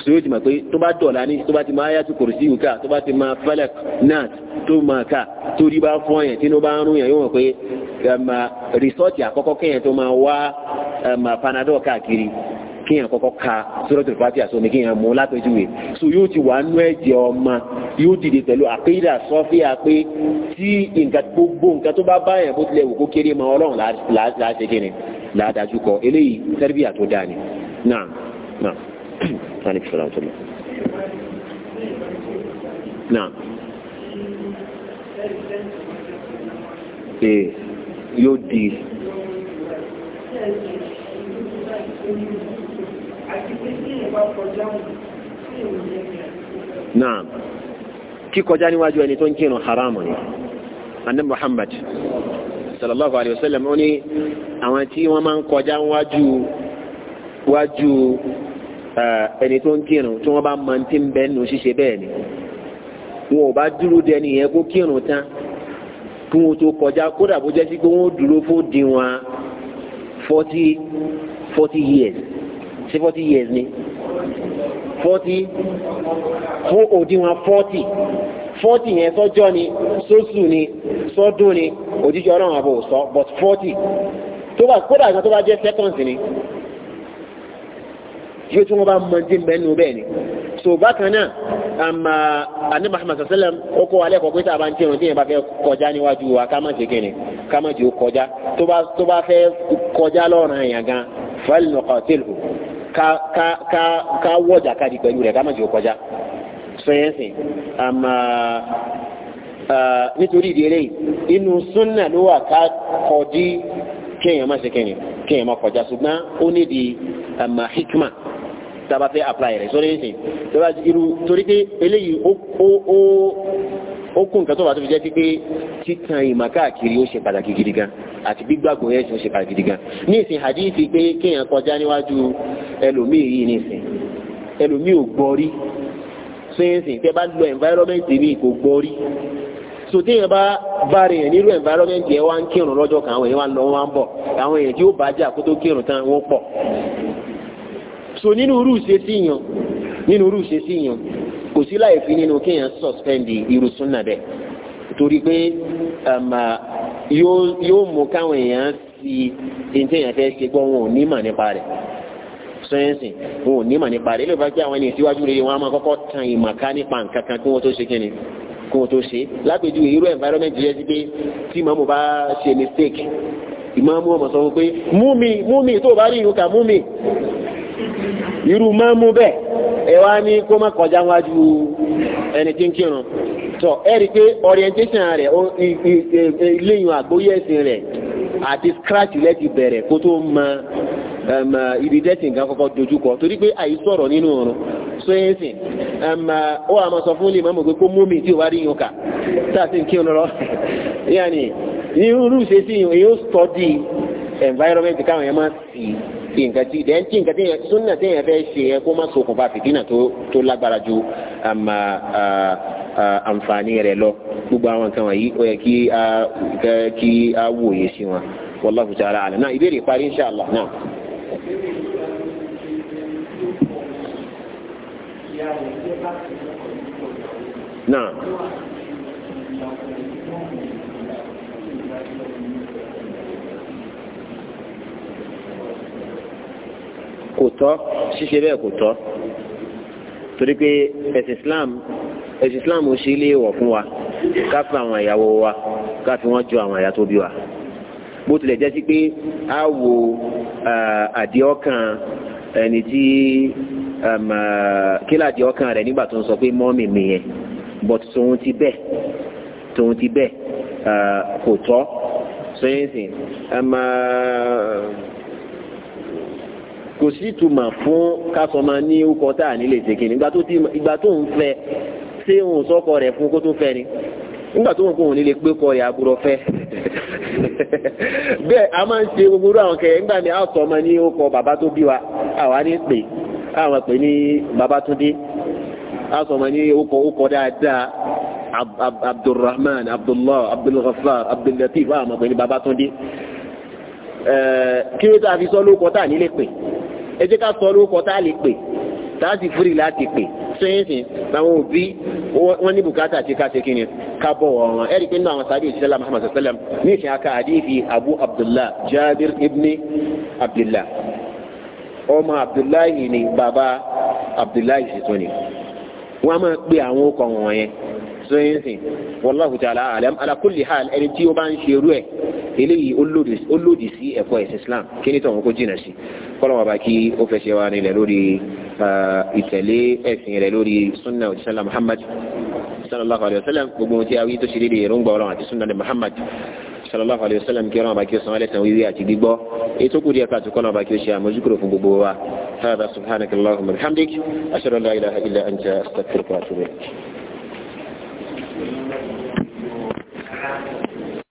S1: so yóò ti mọ̀ pé tó bá dọ̀la ní tó bá ti máa yàtú kòrìsì yìí ká tó bá ti máa falak náà tó ma ká torí bá fọ́ yẹn tí inú bá ń rún yẹn yóò mọ̀ pé um, rìsọ́ọ̀tì àkọ́kọ́ kéèyàn tó máa wá um, panadol káàkiri kíyàn kọ́kọ́ ka suratul fatiha sómi kíyàn mú látọjúwe so yóò ti wà nú ẹ̀jẹ̀ ọmọ yóò dìde pẹ̀lú àkéyìdà sọ́fíà pé tí nǹkan gbogbo عليك السلام ورحمة الله نعم
S2: ايه yóò di
S1: naam kíkọjá níwájú ẹni tó ń kírun haramu ni annabi muhammad sallallahu alaihi wasallam ó ní àwọn tí wọ́n máa ń kọjá wájú wájú Eh, ẹni tó ń kírun tí wọ́n bá mọ ti ń bẹ nù ṣíṣe bẹ́ẹ̀ ni wọn ò bá dúró de ẹni yẹn kó kírun tán kí wọn tó kọjá kódà bó jẹ́ sí pé wọ́n dúró fún diwọn forty forty years ṣé forty years ni forty fún òdiwọn forty forty yẹn sọ́jọ́ ni sóṣù ni sọ́dún ni òjijì ọlọ́run àbò sọ but forty tó bá kódà kan tó bá jẹ́ seconds ni yóò tún wọn bá mọ dín bẹ́ẹ̀ bẹ́ẹ̀ ni so bákan náà àmà um, uh, àní Muhammad sallam ó kọ́ alẹ́ kọ́ pé sábà ń tẹ̀wọ̀n tí yẹn bá fẹ́ kọjá níwájú wa ká má ṣe kíni ká má jẹ́ ó kọjá tó bá fẹ́ kọjá lọ́rùn àyàn gan fal nuqatilhu ká ká ká ká wọ́jà káàdì pẹ̀lú rẹ̀ ká má jẹ́ ó kọjá sọ́yẹ́nsìn àmà um, uh, uh, um, hikma taba fẹ́ apply rẹ̀ sórí ẹ̀sìn tọ́ba irú torí pé o o o ó ó kún nǹkan tó bá tó fi jẹ́ pé títan ìmọ̀ káàkiri ó ṣe pàtàkì gidi gan àti gbígbàgbọ́ yẹn ó ṣe pàtàkì gidi gan ní ìsìn hadithi pé kéèyàn kọjá níwájú ẹlòmíì yìí ní ìsìn ẹlòmíì ò gbọ́ rí sẹ́yìnsìn tẹ́ bá environment mi kò gbọ́ rí so téèyàn bá bá rè environment yẹn wá ń kírun lọ́jọ́ kan àwọn èèyàn wá lọ wá ń bọ̀ àwọn èèyàn tí ó bá jà kó tó kírun tán so nínú irú ṣe sí yàn nínú irú ṣe sí yàn kò sí láì fi nínú kéèyàn sọ̀spẹ́ndì irú súnà bẹ́ẹ̀ torí pé um, uh, yóò mú káwọn èèyàn sí ìtẹ̀yàn fẹ́ ṣe gbọ́ wọn ò nímọ̀ nípa rẹ̀ sẹ́yìnsì wọn ò nímọ̀ nípa rẹ̀ lè bá jẹ́ àwọn ènìyàn síwájú rere wọn a máa kọ́kọ́ tan ìmọ̀ ká nípa nǹkan kan kí wọ́n tó ṣe kíni kí wọ́n tó ṣe lápèjúwe irú environment yẹn sí pé tí màmú bá ṣe mistake ìmáàmù ọmọ sọ fún pé mú mi mú mi tó bá rí ìrùkà mú mi irú máàmù bẹ́ẹ̀ ẹ wá ní kó má kọjá wájú ẹni tí ń kírun tọ ẹ rí i pé orientation rẹ̀ léyìn àgbóyè ẹ̀sìn rẹ̀ àti scratch lẹ́ti bẹ̀rẹ̀ kó tó mọ ibi tẹ́sìn nǹkan kọ́kọ́ dojúkọ torí pé àyè sọ̀rọ̀ nínú ọ̀run sẹ́yìnsìn ó àmọ́ sọ fún kó mómi tí ò rí kà táàtì nǹkan tí dẹ́n tí nǹkan tí yẹn súnà tí yẹn fẹ́ ṣe yẹn kó má ṣokùnfà fìtínà tó lágbára ju àmà um, uh, uh, àǹfààní rẹ̀ lọ gbogbo àwọn nǹkan wọ̀nyí ó yẹ kí a kí a wòye sí wọn wallahu ta'ala alam náà ìbéèrè parí insha Allah náà. náà. kò tọ́ ṣíṣe bẹ́ẹ̀ kò tọ́ torí pé ẹ̀sìn Islam ẹ̀sìn Islam ṣe ilé wọ̀ fún wa ká fún àwọn ìyàwó wa ká fi wọ́n jọ àwọn ìyá tó bí wa bó tilẹ̀ jẹ́ sí pé a wo àdìọ́kàn ẹni tí kílà àdìọ́kàn rẹ̀ nígbà tó ń sọ pé mọ́mì mi yẹn but tòun ti bẹ́ẹ̀ tòun ti bẹ́ẹ̀ kò tọ́ sọ́yìn sìn kò sí ìtumọ̀ fún kásọ̀mọ́ ní ọkọ̀ tá à nílé ìsèkè nígbà tó ti ìgbà tó ń fẹ́ ṣé òun sọ́kọ rẹ̀ fún kó tó fẹ́ ni nígbà tó ń kó òun nílé pé kọ rẹ̀ àbúrò fẹ́ bẹ́ẹ̀ a máa ń ṣe gbogbo àwọn kẹyẹ nígbà mi a sọ ní ọkọ̀ bàbá tó bí wa àwa ní pè àwọn pè ní Babátúndé a sọ ọmọ ní ọkọ̀ ọkọ̀ dáadáa Abdulrahman Abdullah Abdulghafar Abdullatif àwọn pè ní Babátúndé kí ló tá a fi sọ lóko tá à nílé pè ẹ jẹ́ ká sọ lórúkọ tá a lè pè tá a sì fúri láti pè sẹ́yìnsìn àwọn òbí wọ́n ní bùkátà àti ká ṣe kí ni ká bọ̀ ọ̀ràn ẹ̀rí pé nínú àwọn sáré ìṣẹ́lá Muhammad sallam ní ìṣẹ́ aka àdéhìí Abu Abdullah Jabir ibni Abdullah ọmọ Abdullahi ni bàbá Abdullahi ṣètò ni wọ́n á máa pe àwọn ọkọ̀ wọ̀nyẹn so yín sìn wallahu ta'ala alam ala kulli hal ẹni tí ó bá ń ṣerú ẹ̀ eléyìí ó lòdì sí ẹ̀kọ́ ẹ̀sìn islam kí ni tọ̀hún kó jìnnà sí kọ́lọ́ wọn bá kí ó fẹsẹ̀ wa nílẹ̀ lórí ìtẹ̀lé ẹ̀sìn rẹ̀ lórí sunna òjísàlá muhammad sallallahu alayhi wa sallam gbogbo ohun tí a wí tó ṣe déédéé èròǹgbà ọlọ́run àti sunna ní muhammad sallallahu alayhi wa sallam kí ọlọ́run bá kí ó san ẹlẹ́sàn wíwí àti gbígbọ́ ètò kù díẹ̀ káàtó kọ́lọ́run bá kí ó ṣe àmójúkúrò fún gbogbo wa hada subhanakallahumma bihamdik
S2: ashhadu an la Thank you.